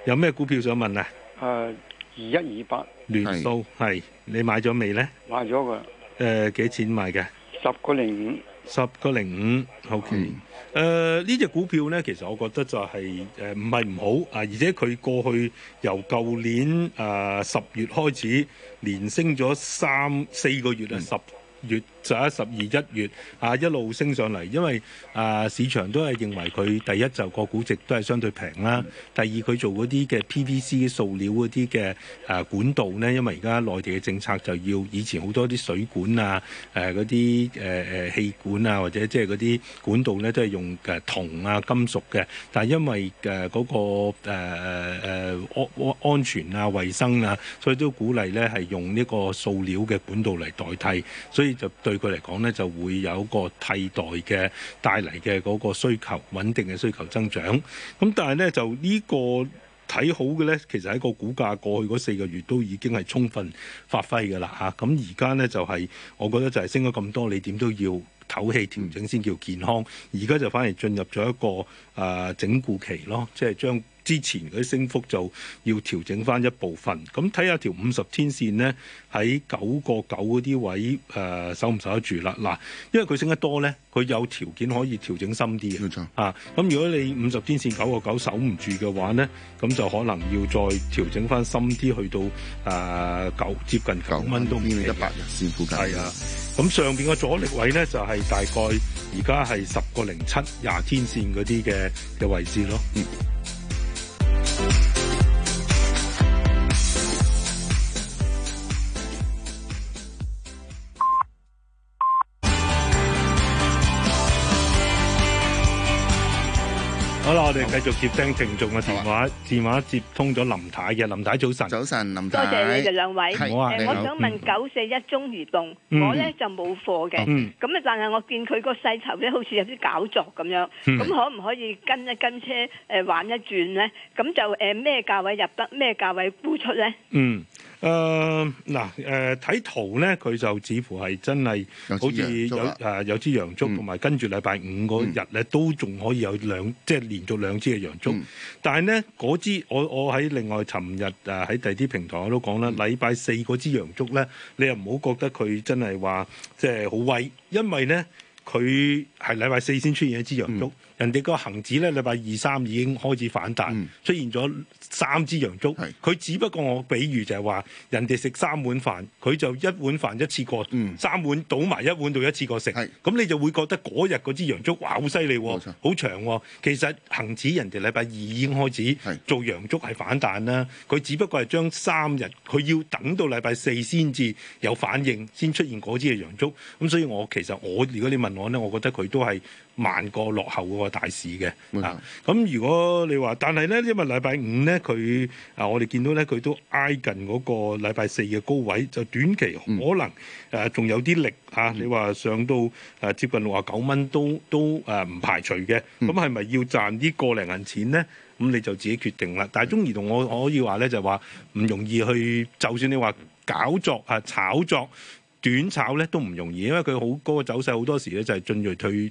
有咩股、股票想問啊？誒、uh，二一二八，聯數係。你買咗未咧？買咗㗎。誒、呃，幾錢買嘅？十個零五，十個零五，OK。誒、嗯，呢、呃、隻股票呢，其實我覺得就係、是、誒，唔係唔好啊，而且佢過去由舊年誒十、呃、月開始，連升咗三四個月啊，十、嗯、月。十一十二一月啊一路升上嚟，因為啊市場都係認為佢第一就個估值都係相對平啦，第二佢做嗰啲嘅 PVC 塑料嗰啲嘅啊管道咧，因為而家內地嘅政策就要以前好多啲水管啊誒嗰啲誒誒氣管啊或者即係嗰啲管道咧都係用誒銅啊，啊金屬嘅，但係因為誒嗰、啊嗰個誒誒安安全啊衛生啊，所以都鼓勵咧係用呢個塑料嘅管道嚟代替，所以就對。對佢嚟講咧，就會有一個替代嘅帶嚟嘅嗰個需求穩定嘅需求增長。咁但係咧，就個呢個睇好嘅咧，其實喺個股價過去嗰四個月都已經係充分發揮㗎啦吓。咁而家咧就係、係，我覺得就係升咗咁多，你點都要唞氣調整先叫健康。而家就反而進入咗一個、呃、整固期咯，即係將。之前佢啲升幅就要調整翻一部分。咁睇下條五十天線咧，喺九個九嗰啲位誒守唔守得住啦？嗱，因為佢升得多咧，佢有條件可以調整深啲嘅冇錯嚇。咁、啊、如果你五十天線九個九守唔住嘅話咧，咁就可能要再調整翻深啲，去到誒九、呃、接近九蚊都唔一一百日線附近係啊。咁上面嘅阻力位咧就係、是、大概而家係十個零七廿天線嗰啲嘅嘅位置咯。嗯。好啦，我哋繼續接聽聽眾嘅電話，電話接通咗林太嘅。林太早晨。早晨林太，多謝你哋兩位。你好，我想問九四一中移動，我咧就冇貨嘅，咁啊，但係我見佢個勢頭咧，好似有啲搞作咁樣，咁可唔可以跟一跟車誒，玩一轉咧？咁就誒咩價位入得，咩價位沽出咧？嗯，誒嗱，誒睇圖咧，佢就似乎係真係好似有誒有支陽燭，同埋跟住禮拜五嗰日咧，都仲可以有兩即係。連續兩支嘅陽燭，但係呢嗰支我我喺另外尋日誒喺第二啲平台我都講啦，禮拜四嗰支陽燭呢，你又唔好覺得佢真係話即係好威，因為呢，佢係禮拜四先出現一支陽燭。嗯人哋個恆指咧，禮拜二三已經開始反彈，嗯、出現咗三支陽燭。佢只不過我比喻就係話，人哋食三碗飯，佢就一碗飯一次過，嗯、三碗倒埋一碗到一次過食。咁你就會覺得嗰日嗰支陽燭，哇，好犀利，好長喎。其實恆指人哋禮拜二已經開始做陽燭係反彈啦。佢只不過係將三日，佢要等到禮拜四先至有反應，先出現嗰支嘅陽燭。咁所以我其實我如果你問我呢，我覺得佢都係慢過落後喎。個大市嘅啊。咁如果你話，但係咧，因為禮拜五咧，佢啊，我哋見到咧，佢都挨近嗰個禮拜四嘅高位，就短期可能誒仲、嗯呃、有啲力吓、啊，你話上到誒接近六啊九蚊都都誒唔排除嘅，咁係咪要賺啲過零銀錢咧？咁你就自己決定啦。但係中移動，我可以話咧就話、是、唔容易去，就算你話搞作啊炒作。短炒咧都唔容易，因為佢好高嘅走勢好多時咧就係進退退，誒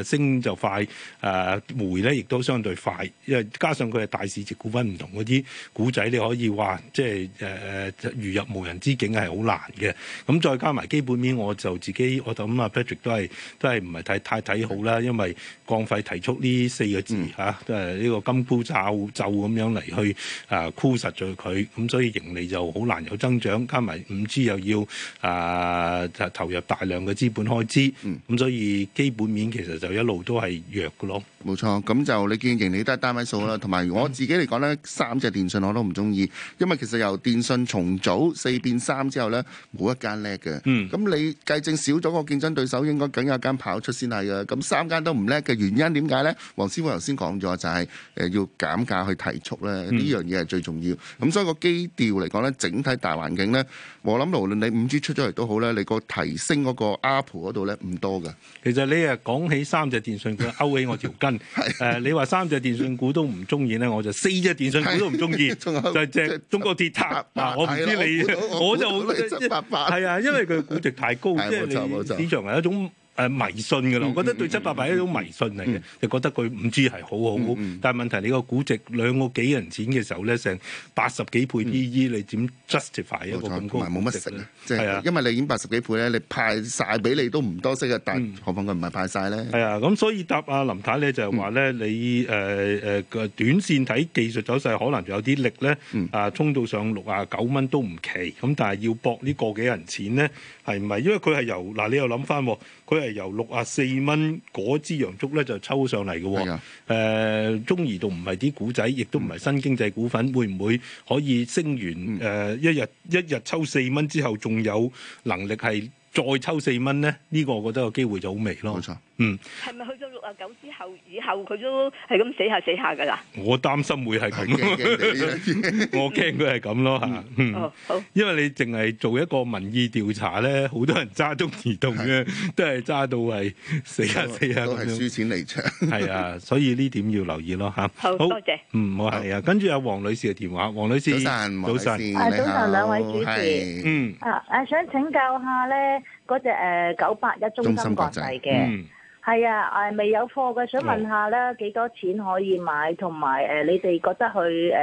誒升就快，誒回咧亦都相對快，因為加上佢係大市值股份唔同嗰啲股仔，你可以話即係誒誒如入無人之境係好難嘅。咁再加埋基本面，我就自己我就咁啊 Patrick 都係都係唔係太太睇好啦，因為降費提速呢四個字嚇、嗯啊，都係呢個金箍咒咒咁樣嚟去誒、啊、箍實咗佢，咁所以盈利就好難有增長。加埋五 G 又要誒。啊啊！就投入大量嘅資本開支，嗯，咁所以基本面其實就一路都係弱嘅咯。冇錯，咁就你見盈利都係單位數啦。同埋我自己嚟講呢，三隻電信我都唔中意，因為其實由電信重組四變三之後呢，冇一間叻嘅。嗯。咁你計正少咗個競爭對手，應該梗有一間跑出先係啊。咁三間都唔叻嘅原因點解呢？黃師傅頭先講咗就係誒要減價去提速咧，嗯，呢樣嘢係最重要。咁所以個基調嚟講呢，整體大環境呢，我諗無論你 5G 出咗嚟都好呢，你個提升嗰個 ARPU 嗰度呢，唔多㗎。其實你誒講起三隻電信，佢勾起我條筋。 [laughs] 係誒、呃，你話三隻電信股都唔中意咧，我就四隻電信股都唔中意，是就只中國鐵塔。八八啊、我唔知道你，我就覺得即係啊，因為佢估值太高，即係、就是、你市場係一種。誒迷信嘅啦，我覺得對質百百一種迷信嚟嘅，就、嗯嗯、覺得佢五 G 係好好、嗯嗯、但係問題你個估值兩個幾人錢嘅時候咧，成八十幾倍依依、嗯，你點 justify 一個咁高？冇乜食咧，即啊，因為你已經八十幾倍咧，你派晒俾你都唔多息嘅，但何況佢唔係派晒咧。係啊，咁所以答阿林太咧就係話咧，你誒誒個短線睇技術走勢可能有啲力咧，啊、呃、衝到上六啊九蚊都唔奇，咁但係要搏呢個幾人錢咧係唔係？因為佢係由嗱、啊，你又諗翻佢。即係由六啊四蚊嗰支陽燭咧就抽上嚟嘅，誒、呃、中移動唔係啲股仔，亦都唔係新經濟股份，嗯、會唔會可以升完誒、呃、一日一日抽四蚊之後，仲有能力係再抽四蚊咧？呢、呢個我覺得個機會就很好微咯。冇錯。嗯，係咪去到六啊九之後，以後佢都係咁死下死下噶啦？我擔心會係咁，怕怕 [laughs] 我驚佢係咁咯吓。好。因為你淨係做一個民意調查咧，好多人揸中移動嘅，嗯，都係揸到係死下死下咁都係輸錢離場，係啊，所以呢點要留意咯吓。好，多謝。好，嗯、係啊。跟住有黃女士嘅電話，黃女士，早晨，早晨，早晨，兩位主持，嗯，啊，想請教一下咧，嗰隻誒九八一中芯國際嘅。係啊，未有貨嘅，想問下咧幾多錢可以買，同埋、呃、你哋覺得佢誒誒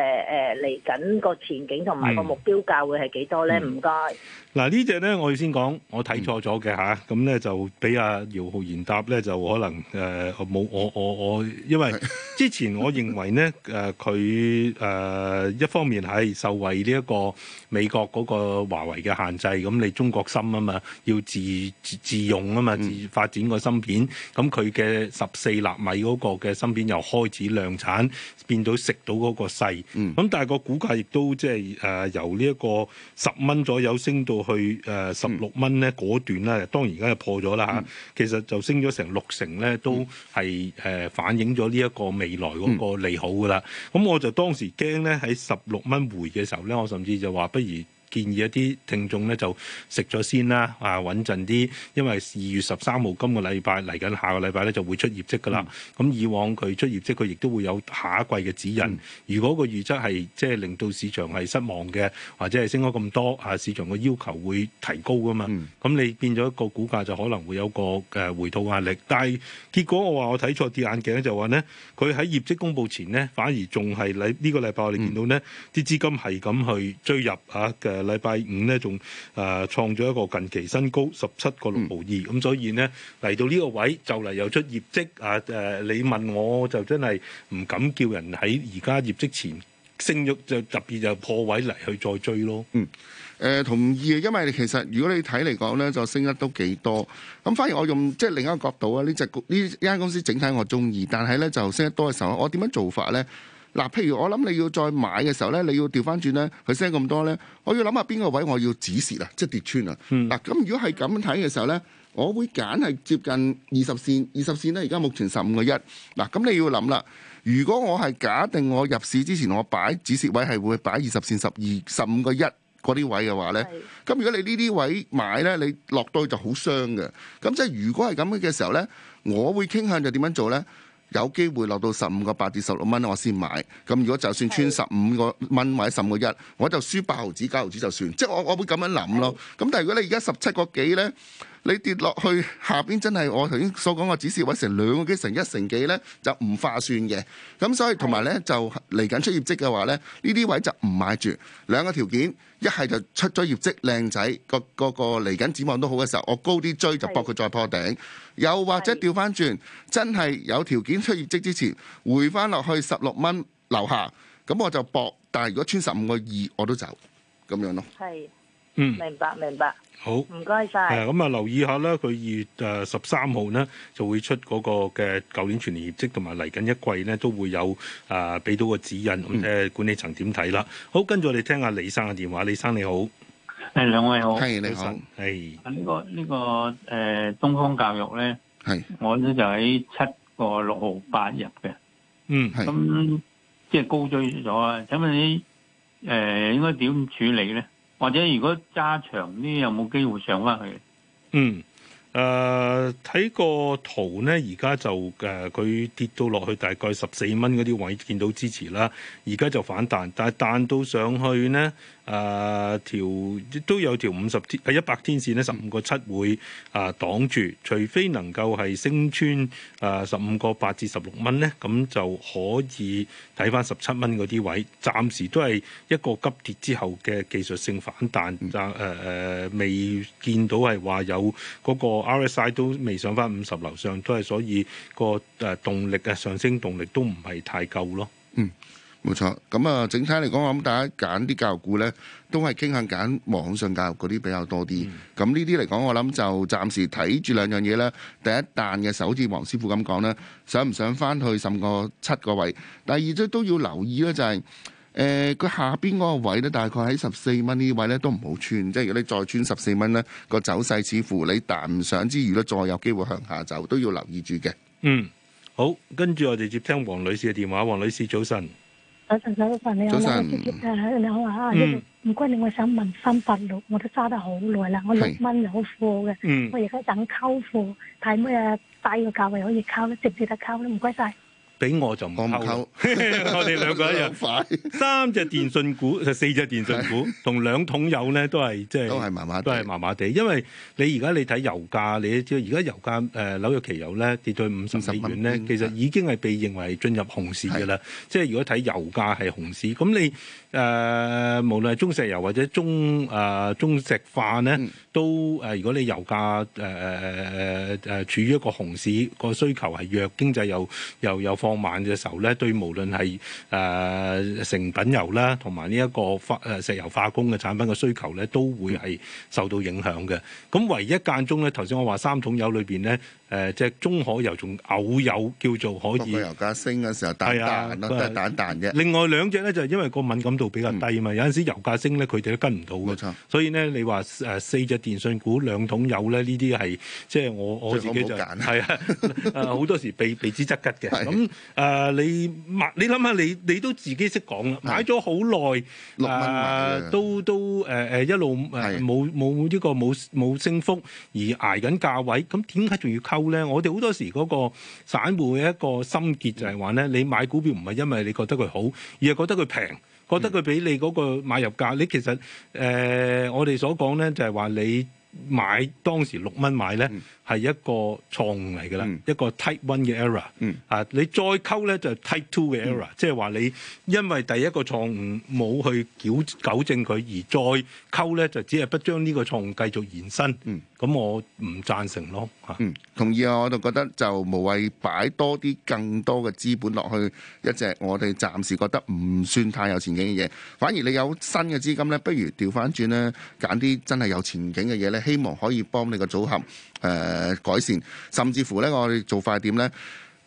嚟緊個前景同埋個目標價會係幾多咧？唔、嗯、該。嗱、嗯啊這個、呢隻咧，我要先講，我睇錯咗嘅吓，咁、嗯、咧、啊、就俾阿、啊、姚浩然答咧，就可能誒冇、呃、我我我，因為之前我認為咧誒佢誒一方面係受惠呢一個美國嗰個華為嘅限制，咁你中國芯啊嘛，要自自，自用啊嘛，自發展個芯片。咁佢嘅十四納米嗰個嘅芯片又開始量產，變到食到嗰個細，咁、嗯、但係個股價亦都即係誒由呢一個十蚊左右升到去誒十六蚊咧，嗰段啦，當然而家就破咗啦吓，其實就升咗成六成咧，都係誒反映咗呢一個未來嗰個利好噶啦。咁、嗯、我就當時驚咧喺十六蚊回嘅時候咧，我甚至就話不如。建議一啲聽眾咧就食咗先啦，啊穩陣啲，因為二月十三號今個禮拜嚟緊，下個禮拜咧就會出業績噶啦。咁、嗯、以往佢出業績，佢亦都會有下一季嘅指引。嗯、如果個預測係即係令到市場係失望嘅，或者係升咗咁多、啊，市場嘅要求會提高噶嘛。咁、嗯、你變咗一個股價就可能會有個回吐壓力。但係結果我話我睇錯啲眼鏡咧，就話呢，佢喺業績公佈前呢，反而仲係呢個禮拜我哋見到呢啲、嗯、資金係咁去追入嘅。啊禮拜五咧，仲誒創咗一個近期新高，十七個六毫二。咁所以咧，嚟到呢個位就嚟又出業績啊！誒，你問我就真係唔敢叫人喺而家業績前升咗就特別就破位嚟去再追咯。嗯，誒同意啊，因為其實如果你睇嚟講咧，就升得都幾多。咁反而我用即係另一個角度啊，呢隻股呢間公司整體我鍾意，但係咧就升得多嘅時候，我點樣做法咧？嗱，譬如我諗你要再買嘅時候咧，你要調翻轉咧，佢升咁多咧，我要諗下邊個位我要止蝕啊，即係跌穿啊。嗱，嗯，咁如果係咁樣睇嘅時候咧，我會揀係接近二十線，二十線咧而家目前十五個一。嗱，咁你要諗啦，如果我係假定我入市之前我擺止蝕位係會擺二十線十二十五個一嗰啲位嘅話咧，咁如果你呢啲位買咧，你落到就好傷嘅。咁即係如果係咁樣嘅時候咧，我會傾向就點樣做咧？有機會落到十五個八至十六蚊，我先買。咁如果就算穿十五個蚊或者十五個一，我就輸八毫紙、九毫紙就算。即係我我會咁樣諗咯。咁但係如果你而家十七個幾呢？你跌落去下邊真係我頭先所講個指示位，成兩個幾成一成幾乘呢，就唔劃算嘅。咁所以同埋呢，就嚟緊出業績嘅話呢，呢啲位就唔買住。兩個條件，一係就出咗業績靚仔，個個嚟緊展望都好嘅時候，我高啲追就搏佢再破頂，又或者調翻轉真係有條件出業績之前回翻落去十六蚊樓下，咁我就搏。但係如果穿十五個二我都走，咁樣咯。係。嗯，明白明白，好，唔該晒。係咁啊，留意下啦，佢二月誒十三號呢，就會出嗰、那個嘅舊年全年業績，同埋嚟緊一季呢，都會有啊，俾、呃、到個指引，咁、嗯、誒管理層點睇啦？好，跟住我哋聽下李生嘅電話，李生你好，誒兩位好，係李生，係呢、呢個呢、呢個誒、呃、東方教育咧，係，我咧就喺七個六號八日嘅，嗯，咁即係高追咗啊，請問你誒、呃、應該點處理咧？或者如果揸長啲，有冇機會上翻去？嗯，誒睇個圖咧，而家就誒佢、呃、跌到落去大概十四蚊嗰啲位，見到支持啦。而家就反彈，但係彈到上去咧。啊，條都有條五十天一百天線咧，十五個七會啊擋住，除非能夠係升穿啊十五個八至十六蚊咧，咁就可以睇翻十七蚊嗰啲位。暫時都係一個急跌之後嘅技術性反彈，誒、嗯啊、但未見到係話有嗰個 RSI 都未上翻五十樓上，都係所以個誒動力上升動力都唔係太夠咯。冇錯，咁啊，整體嚟講，我諗大家揀啲教育股呢，都係傾向揀網上教育嗰啲比較多啲。咁呢啲嚟講，我諗就暫時睇住兩樣嘢啦。第一，彈嘅手，好似黃師傅咁講咧，想唔想返去甚個七個位？第二，都要留意咧、就是，就係誒，佢下邊嗰個位呢，大概喺十四蚊呢位呢，都唔好穿，即係如果你再穿十四蚊呢，嗰個走勢似乎你彈唔上之餘，如果再有機會向下走，都要留意住嘅。嗯，好，跟住我哋接聽黃女士嘅電話。黃女士，早晨。早、嗯、晨，早、嗯、晨，你好啊！唔該你，我想問三百六，我都揸得好耐啦，我六蚊有貨嘅，我而家等溝貨，睇咩低嘅價位可以溝咧，直接得溝，唔該晒。俾我就唔後我哋 [laughs] 兩個一樣快。 [laughs] 三隻電訊股就四隻電訊股，同 [laughs] [laughs] 兩桶油咧都係，即係都係麻麻，都係麻麻地。因為你而家你睇油價，你都知道而家油價誒、呃、紐約期油咧跌到五十四元咧，其實已經係被認為進入熊市嘅啦。即係如果睇油價係熊市，咁你誒、呃、無論係中石油或者中誒、呃、中石化咧，嗯、都誒、呃、如果你油價誒誒誒誒誒處於一個熊市，個需求係弱，經濟又又又放慢嘅時候咧，對無論係誒成品油啦，同埋呢一個化誒石油化工嘅產品嘅需求咧，都會係受到影響嘅。咁唯一間中咧，頭先我話三桶油裏邊咧，誒、呃、即係中海油仲偶有叫做可以。油價升嘅時候，彈彈咯，啫、啊就彈彈啫。另外兩隻咧，就係因為個敏感度比較低啊嘛、嗯，有陣時候油價升咧，佢哋都跟唔到嘅。冇錯。所以咧，你話誒四隻電信股兩桶油咧，呢啲係即係我我自己就係啊，好多時避 [laughs] 避之則吉嘅。咁誒你買你諗下，你你，想想你，你都自己識講啦，買咗好耐，六、呃、蚊都都誒誒、呃、一路誒冇冇呢個冇冇升幅，而捱緊價位，咁點解仲要溝咧？我哋好多時嗰個散戶嘅一個心結就係話咧，你買股票唔係因為你覺得佢好，而係覺得佢平，覺得佢比你嗰個買入價，嗯、你其實誒、呃、我哋所講咧就係話你買當時六蚊買咧。嗯係一個錯誤嚟㗎啦，一個 type one 嘅 error、嗯。啊，你再溝呢、嗯，就 type two 嘅 error，即係話你因為第一個錯誤冇去糾糾正佢，而再溝呢，就只係不將呢個錯誤繼續延伸。咁、嗯、我唔贊成咯。嗯，同意啊，我就覺得就無謂擺多啲更多嘅資本落去一隻我哋暫時覺得唔算太有前景嘅嘢，反而你有新嘅資金呢，不如調翻轉呢，揀啲真係有前景嘅嘢呢，希望可以幫你個組合誒。呃改善，甚至乎咧，我哋做快點咧，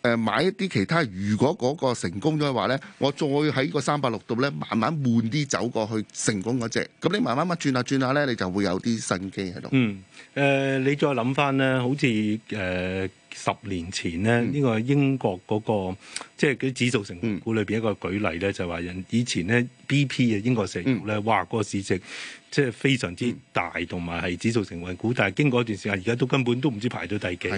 買一啲其他。如果嗰個成功咗嘅話咧，我再喺個三百六十度咧，慢慢慢啲走過去成功嗰隻。咁你慢慢慢轉下轉下咧，你就會有啲新機喺度。嗯，誒、呃、你再諗翻咧，好似誒、呃、十年前咧，呢、嗯，這個英國嗰、那個即係啲指數成分股裏邊一個舉例咧、嗯，就話、是、人以前咧 BP 嘅英國石油咧話個市值。即係非常之大，同埋係指數成分股，但係經過一段時間，而家都根本都唔知排到第幾。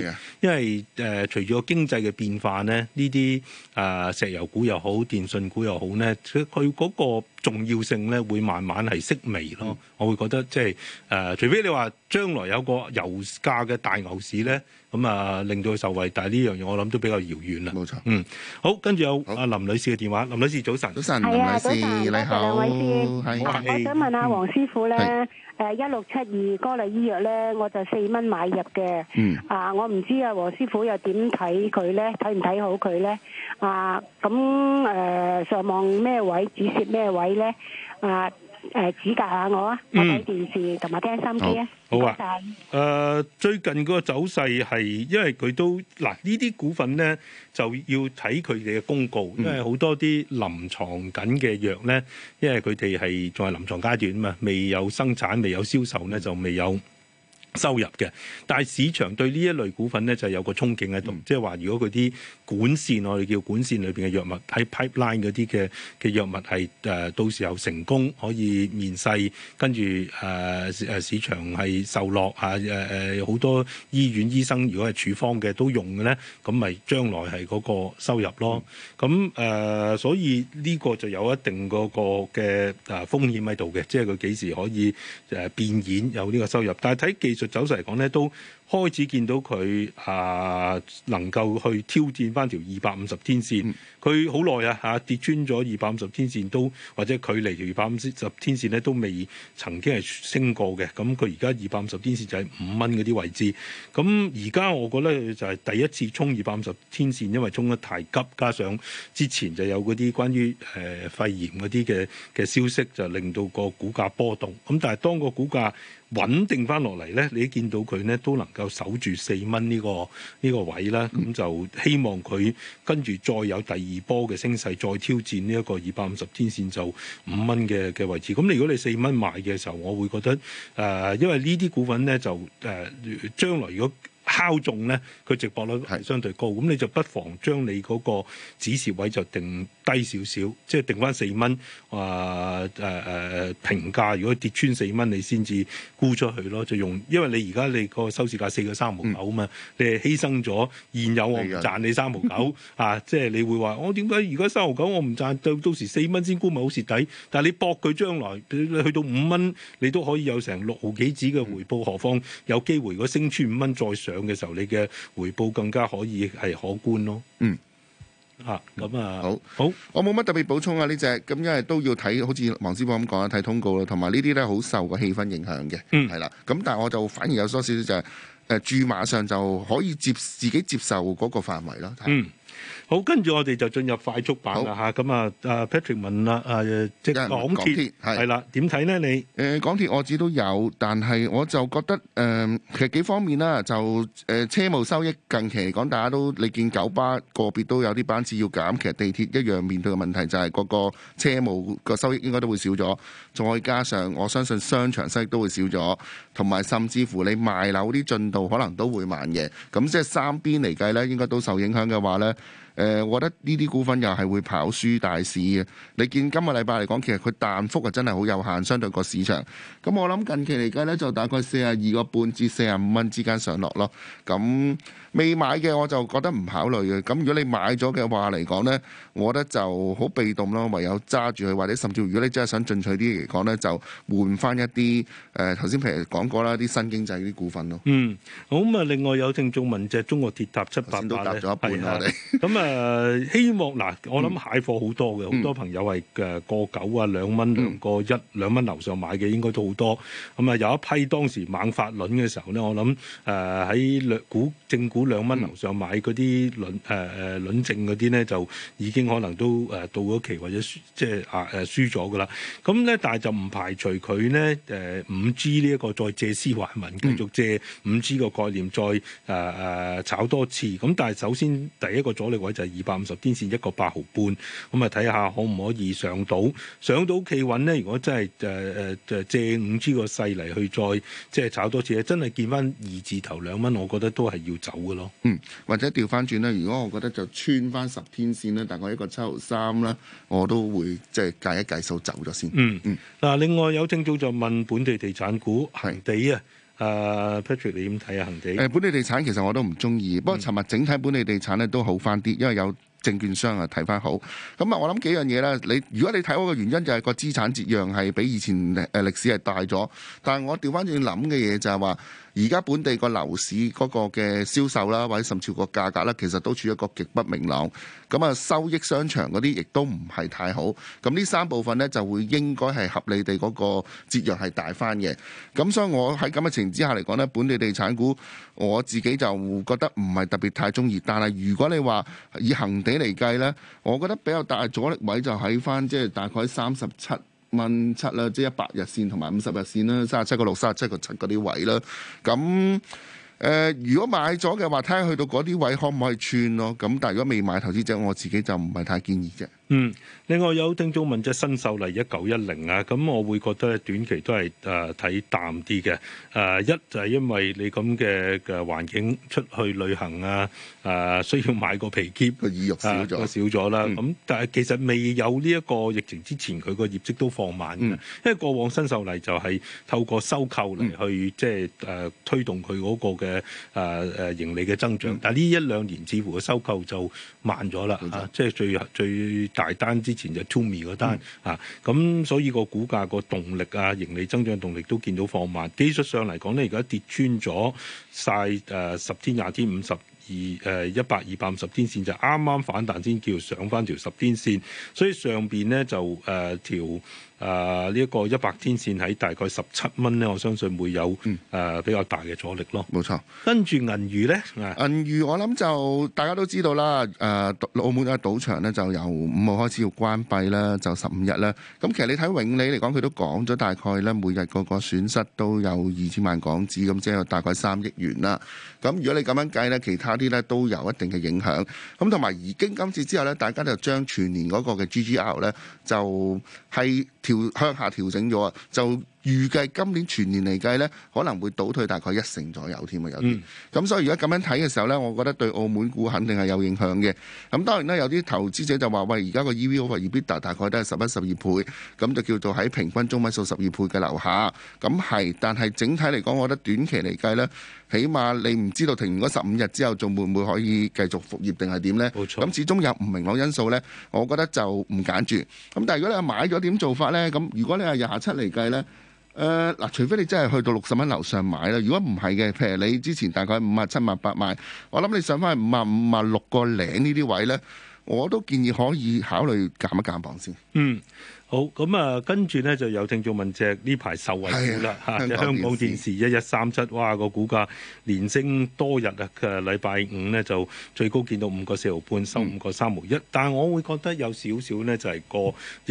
因為誒，隨住個經濟嘅變化咧，呢啲、呃、石油股又好，電信股又好咧，佢、佢嗰個。重要性咧會慢慢係式微咯，嗯、我會覺得即係誒、呃，除非你話將來有個油價嘅大牛市咧，咁、呃、啊令到佢受惠，但係呢樣嘢我諗都比較遙遠啦。冇錯，嗯，好，跟住有阿林女士嘅電話，林女士早晨。早晨、啊，林女士你好。係，我想問下黃師傅咧。誒，一六七二歌禮醫藥咧，我就四蚊買入嘅。嗯啊，我唔知啊，黃師傅又點睇佢咧？睇唔睇好佢咧？啊，咁誒、呃，上望咩位，止蝕咩位咧？啊！誒、呃、指教下、啊、我啊，睇電視同埋聽心機啊，好啊，誒、呃、最近個走勢係因為佢都嗱呢啲股份咧就要睇佢哋嘅公告，因為好多啲臨床緊嘅藥咧，因為佢哋係仲係臨床階段啊嘛，未有生產、未有銷售咧就未有收入嘅，但係市場對呢一類股份咧就是，有個憧憬喺度，即係話如果嗰啲管線我哋叫管線裏邊嘅藥物，喺 pipeline 嗰啲嘅嘅藥物係誒、呃、到時候成功可以面世，跟住誒誒市場係受落吓誒誒好多醫院醫生如果係處方嘅都用嘅咧，咁咪將來係嗰個收入咯。咁、嗯、誒、呃、所以呢個就有一定嗰個嘅誒風險喺度嘅，即係佢幾時可以誒變現有呢個收入，但係睇技術。嘅走勢嚟講咧，都開始見到佢啊，能夠去挑戰翻條二百五十天線。佢好耐啊，吓跌穿咗二百五十天線都，或者距離二百五十天線咧都未曾經係升過嘅。咁佢而家二百五十天線就係五蚊嗰啲位置。咁而家我覺得就係、是、第一次衝二百五十天線，因為衝得太急，加上之前就有嗰啲關於、呃、肺炎嗰啲嘅嘅消息，就令到個股價波動。咁但係當個股價穩定翻落嚟咧，你見到佢咧都能夠就守住四蚊呢個呢個位啦，咁就希望佢跟住再有第二波嘅升勢，再挑戰呢一個二百五十天線就五蚊嘅嘅位置。咁你如果你四蚊買嘅時候，我會覺得誒、呃，因為呢啲股份咧就誒，呃、將來，如果敲中咧，佢直播率係相對高，咁你就不妨將你嗰個指示位就定低少少，即係定翻四蚊啊誒誒評價如果跌穿四蚊，你先至沽出去咯。就用，因為你而家你個收市價四個三毫九啊嘛，你係犧牲咗現有我唔賺你三毫九啊，即係你會話，哦，我點解而家三毫九我唔賺到到時四蚊先沽咪好蝕底？但係你搏佢將來你去到五蚊，你都可以有成六毫幾紙嘅回報，嗯，何況有機會升穿五蚊再上。嘅時候，你嘅回報更加可以係可觀咯。嗯，嚇、啊，咁啊，好，好，我冇乜特別補充啊。呢隻咁因為都要睇，好似黃師傅咁講，一睇通告啦，同埋呢啲咧好受個氣氛影響嘅。嗯，係啦。咁但係我就反而有少少就係、是。住馬上就可以接自己接受嗰個範圍啦。嗯，好，跟住我哋就進入快速版啦嚇。咁啊，Patrick 問啦，誒、啊、即係港鐵係啦，點睇呢？你誒、呃、港鐵我自己都有，但係我就覺得誒、呃、其實幾方面啦，就誒、呃、車務收益近期嚟講，大家都你見九巴個別都有啲班次要減，其實地鐵一樣面對嘅問題就係、是、嗰個車務個收益應該都會少咗，再加上我相信商場收益都會少咗，同埋甚至乎你賣樓啲進度可能都會慢嘅，咁即係三邊嚟計咧，應該都受影響嘅話咧。誒，我覺得呢啲股份又係會跑輸大市嘅。你見今日禮拜嚟講，其實佢彈幅啊，真係好有限，相對個市場。咁我諗近期嚟講咧，就大概四十二個半至四十五蚊之間上落咯。咁未買嘅我就覺得唔考慮嘅。咁如果你買咗嘅話嚟講咧，我覺得就好被動咯。唯有揸住佢，或者甚至如果你真係想進取啲嚟講咧，就換翻一啲誒頭先，譬、呃、如講過啦，啲新經濟啲股份咯。嗯，好咁啊，另外有聽眾問就中國鐵塔七八八咧，咁啊。 [laughs] 誒、呃，希望嗱、呃，我諗蟹貨好多嘅，好、嗯、多朋友係誒過九啊兩蚊，兩個一兩蚊樓上買嘅，應該都好多。咁、嗯、啊有一批當時猛發輪嘅時候咧，我諗誒喺兩股正股兩蚊樓上買嗰啲輪誒誒輪證嗰啲咧，嗯呃、就已經可能都誒到咗期或者即係啊誒輸咗噶啦。咁、呃、咧，但係就唔排除佢咧誒五 G 呢一、呃、個再借屍還魂，繼續借五 G 個概念再誒誒、呃、炒多次。咁但係首先第一個阻力位。就係二百五十天線一個八毫半，咁啊睇下可唔可以上到，上到企穩咧？如果真係誒誒誒借五 G 個勢嚟去再即係炒多次咧，真係見翻二字頭兩蚊，我覺得都係要走嘅咯。嗯，或者調翻轉咧，如果我覺得就穿翻十天線咧，大概一個七毫三啦，我都會即係計一計數走咗先。嗯嗯。嗱，另外有聽眾就問本地地產股係地啊。誒、uh, Patrick，你點睇啊？恒地誒，本地地產，其實我都唔中意，不過尋日整體本地地產咧都好翻啲，因為有證券商啊睇翻好。咁啊，我諗幾樣嘢啦。你如果你睇我嘅原因就係個資產折讓係比以前，誒歷史係大咗，但係我調翻轉諗嘅嘢就係、是、話。而家本地個樓市嗰個嘅銷售啦，或者甚至個價格啦，其實都處於一個極不明朗。咁啊，收益商場嗰啲亦都唔係太好。咁呢三部分呢，就會應該係合理地嗰個節約係大翻嘅。咁所以我喺咁嘅情況之下嚟講呢，本地地產股我自己就覺得唔係特別太中意。但係如果你話以恒地嚟計呢，我覺得比較大的阻力位就喺翻，即係大概三十七蚊七啦，即係一百日線同埋五十日線啦，三十七個六、三十七個七嗰啲位啦。咁、呃、誒，如果買咗嘅話，睇下去到嗰啲位可唔可以串咯。咁但係如果未買投資者，我自己就唔係太建議啫。嗯，另外有聽眾問隻新秀麗一九一零啊，咁我會覺得短期都係誒睇淡啲嘅。誒、呃、一就係因為你咁嘅嘅環境出去旅行啊，誒、呃、需要買個皮篋個意欲少咗、啊啊、少咗啦。咁、嗯、但係其實未有呢一個疫情之前，佢個業績都放慢、嗯、因為過往新秀麗就係透過收購嚟去即係誒推動佢嗰個嘅誒誒盈利嘅增長。嗯、但係呢一兩年似乎個收購就慢咗啦、啊、即係最最，最大單之前就 Tumi 嗰單、嗯、啊，咁所以個股價、個動力啊、盈利增長動力都見到放慢。技術上嚟講咧，而家跌穿咗晒，十天、廿天、五十。二誒一百二百五十天線就啱啱反彈先叫上翻條十天線，所以上面呢就誒條呢一個一百天線喺大概十七蚊呢。我相信會有比較大嘅阻力咯。冇錯，跟住銀娛呢，銀娛我諗就大家都知道啦，誒澳門嘅賭場呢，就由五號開始要關閉啦，就十五日啦。咁其實你睇永利嚟講，佢都講咗大概呢每日個個損失都有二千萬港紙咁，即係大概三億元啦。咁如果你咁樣計呢，其他啲咧都有一定嘅影響。咁同埋已經今次之後咧，大家就將全年嗰個嘅 GGR 咧就係、是。調向下調整咗啊，就預計今年全年嚟計呢可能會倒退大概一成左右添啊，有啲咁、嗯、所以如果咁樣睇嘅時候呢，我覺得對澳門股，股肯定係有影響嘅。咁當然咧，有啲投資者就話喂，而家個 EV 或 EBITDA 大概都係十一十二倍，咁就叫做喺平均中位數十二倍嘅樓下。咁係，但係整體嚟講，我覺得短期嚟計呢，起碼你唔知道停完嗰十五日之後，仲會唔會可以繼續復業定係點呢？冇錯。咁始終有唔明朗因素呢，我覺得就唔揀住。咁但係如果你買咗點做法？咧咁，如果你係廿七嚟計咧，誒、呃、嗱，除非你真係去到六十蚊樓上買啦。如果唔係嘅，譬如你之前大概五萬、七萬、八萬，我諗你上返五萬、五萬六個零呢啲位咧，我都建議可以考慮減一減磅先。嗯。好咁啊，跟住咧就有聽眾問隻呢排受惠股啦、啊，香港電視一一三七，1, 137, 哇個股價連升多日啊！佢禮拜五咧就最高見到五個四毫半，收五個三毫一。但係我會覺得有少少呢，就係個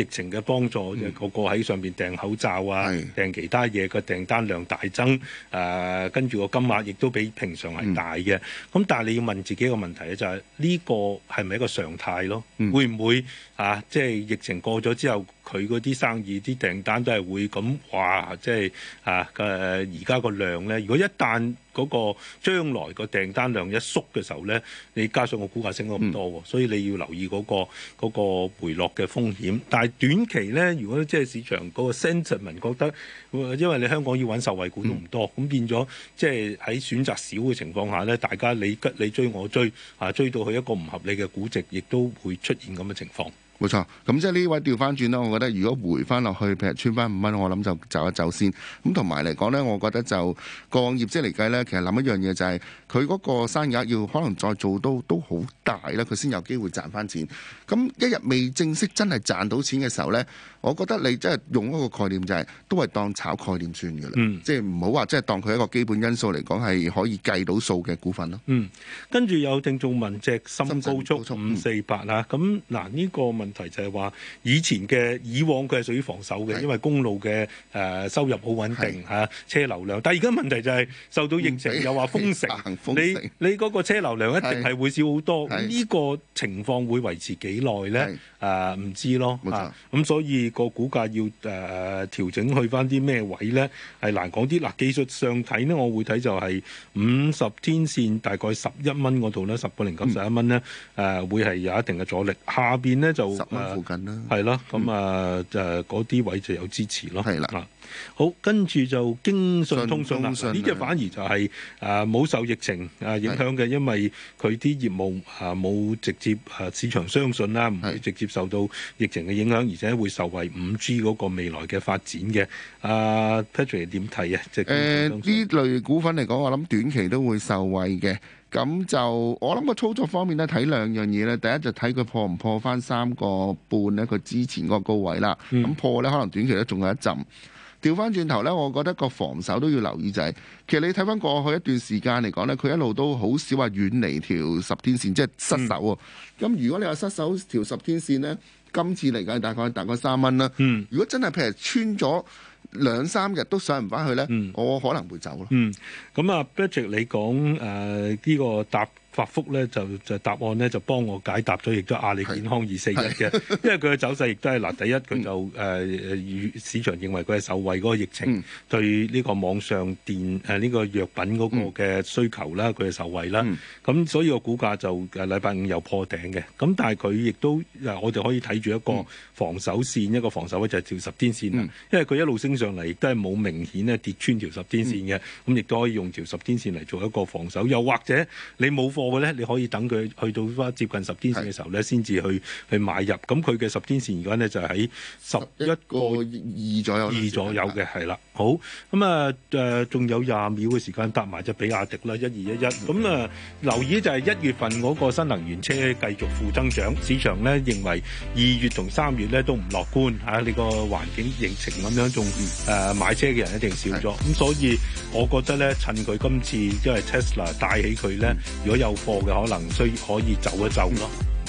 疫情嘅幫助，嗯、就係、是、個個喺上邊訂口罩啊，訂其他嘢個訂單量大增。呃、跟住個金額亦都比平常係大嘅。咁、嗯、但係你要問自己一個問題咧、就係，就係呢個係咪一個常態咯？嗯、會唔會？啊！即係疫情過咗之後，佢嗰啲生意啲訂單都係會咁，哇！即係啊嘅而家個量咧，如果一旦嗰個將來個訂單量一縮嘅時候咧，你加上個股價升咗咁多、嗯，所以你要留意嗰個、嗰個、嗰個回落嘅風險。但係短期咧，如果即係市場嗰個 sentiment 覺得，因為你香港要揾受惠股都唔多，咁、嗯、變咗即係喺選擇少嘅情況下咧，大家你你追我追啊，追到去一個唔合理嘅估值，亦都會出現咁嘅情況。冇錯，咁即係呢位調翻轉啦。我覺得如果回翻落去，譬如穿翻五蚊，我諗就走一走先。咁同埋嚟講呢，我覺得就過往業績嚟計呢。其實諗一樣嘢就係佢嗰個生意額要可能再做到都都好大咧，佢先有機會賺翻錢。咁一日未正式真係賺到錢嘅時候呢，我覺得你即係用一個概念就係、是、都係當炒概念算嘅啦。即係唔好話即係當佢一個基本因素嚟講係可以計到數嘅股份咯。嗯。跟住有鄭仲文隻深、深高速五四八啦，咁，嗱呢個問問題就係話以前嘅以往佢係屬於防守嘅，因為公路嘅誒、呃、收入好穩定吓、啊、車流量。但係而家問題就係受到疫情又話封，封城，你你嗰個車流量一定係會少好多。呢、呢個情況會維持幾耐咧？誒唔、呃、知道咯。冇錯咁、啊、所以那個股價要誒調、呃、整去翻啲咩位咧？係難講啲。嗱技術上睇咧，我會睇就係五十天線大概十一蚊嗰度咧，十個零九十一蚊咧誒會係有一定嘅阻力。下邊咧就呃、附近啦，係咯，咁啊、呃，就係嗰啲位就有支持咯，係啦。啊好，跟住就京信通信呢隻反而就係、是、冇、呃、受疫情啊影響嘅，因為佢啲業務啊冇、呃、直接啊市場相信啦，唔係直接受到疫情嘅影響，而且會受惠五 G 嗰個未來嘅發展嘅。阿、呃、Patrick 點睇啊？誒、就是，呢、呃、類股份嚟講，我諗短期都會受惠嘅。咁就我諗個操作方面咧，睇兩樣嘢咧。第一就睇佢破唔破翻三個半咧？佢之前嗰個高位啦。咁、嗯、破咧，可能短期咧仲有一陣。調翻轉頭呢，我覺得個防守都要留意就係，其實你睇翻過去一段時間嚟講呢，佢一路都好少話遠離條十天線，即係失守喎。咁、嗯、如果你話失守條十天線呢，今次嚟講大概大概三蚊啦。嗯，如果真係譬如穿咗兩三日都上唔翻去呢，嗯、我可能會走咯。嗯，咁啊，budget 你講誒呢個答。發福咧就就答案咧就幫我解答咗，亦都阿里健康二四一嘅，因為佢嘅走勢亦都係嗱，第一佢就誒、嗯呃、市場認為佢係受惠嗰個疫情、嗯、對呢個網上電呢、呃這個藥品嗰個嘅需求啦，佢、嗯、係受惠啦。咁、嗯、所以個股價就禮拜、呃、五又破頂嘅。咁但係佢亦都我哋可以睇住一個防守線，嗯、一個防守就係條十天線、嗯、因為佢一路升上嚟，亦都係冇明顯咧跌穿條十天線嘅。咁亦都可以用條十天線嚟做一個防守。又或者你冇。個咧，你可以等佢去到翻接近十天線嘅時候咧，先至去去買入。咁佢嘅十天線而家咧就喺十一個二左右，二左右嘅係啦。好咁啊仲有廿秒嘅時間，搭埋隻比亞迪啦，一二一一。咁啊、呃，留意就係一月份嗰個新能源車繼續負增長，市場咧認為二月同三月咧都唔樂觀嚇、啊。你個環境疫情咁樣仲誒買車嘅人一定少咗。咁、嗯、所以我覺得咧，趁佢今次因為 Tesla 帶起佢咧，如果有有貨嘅可能，需可以走一走咯。嗯。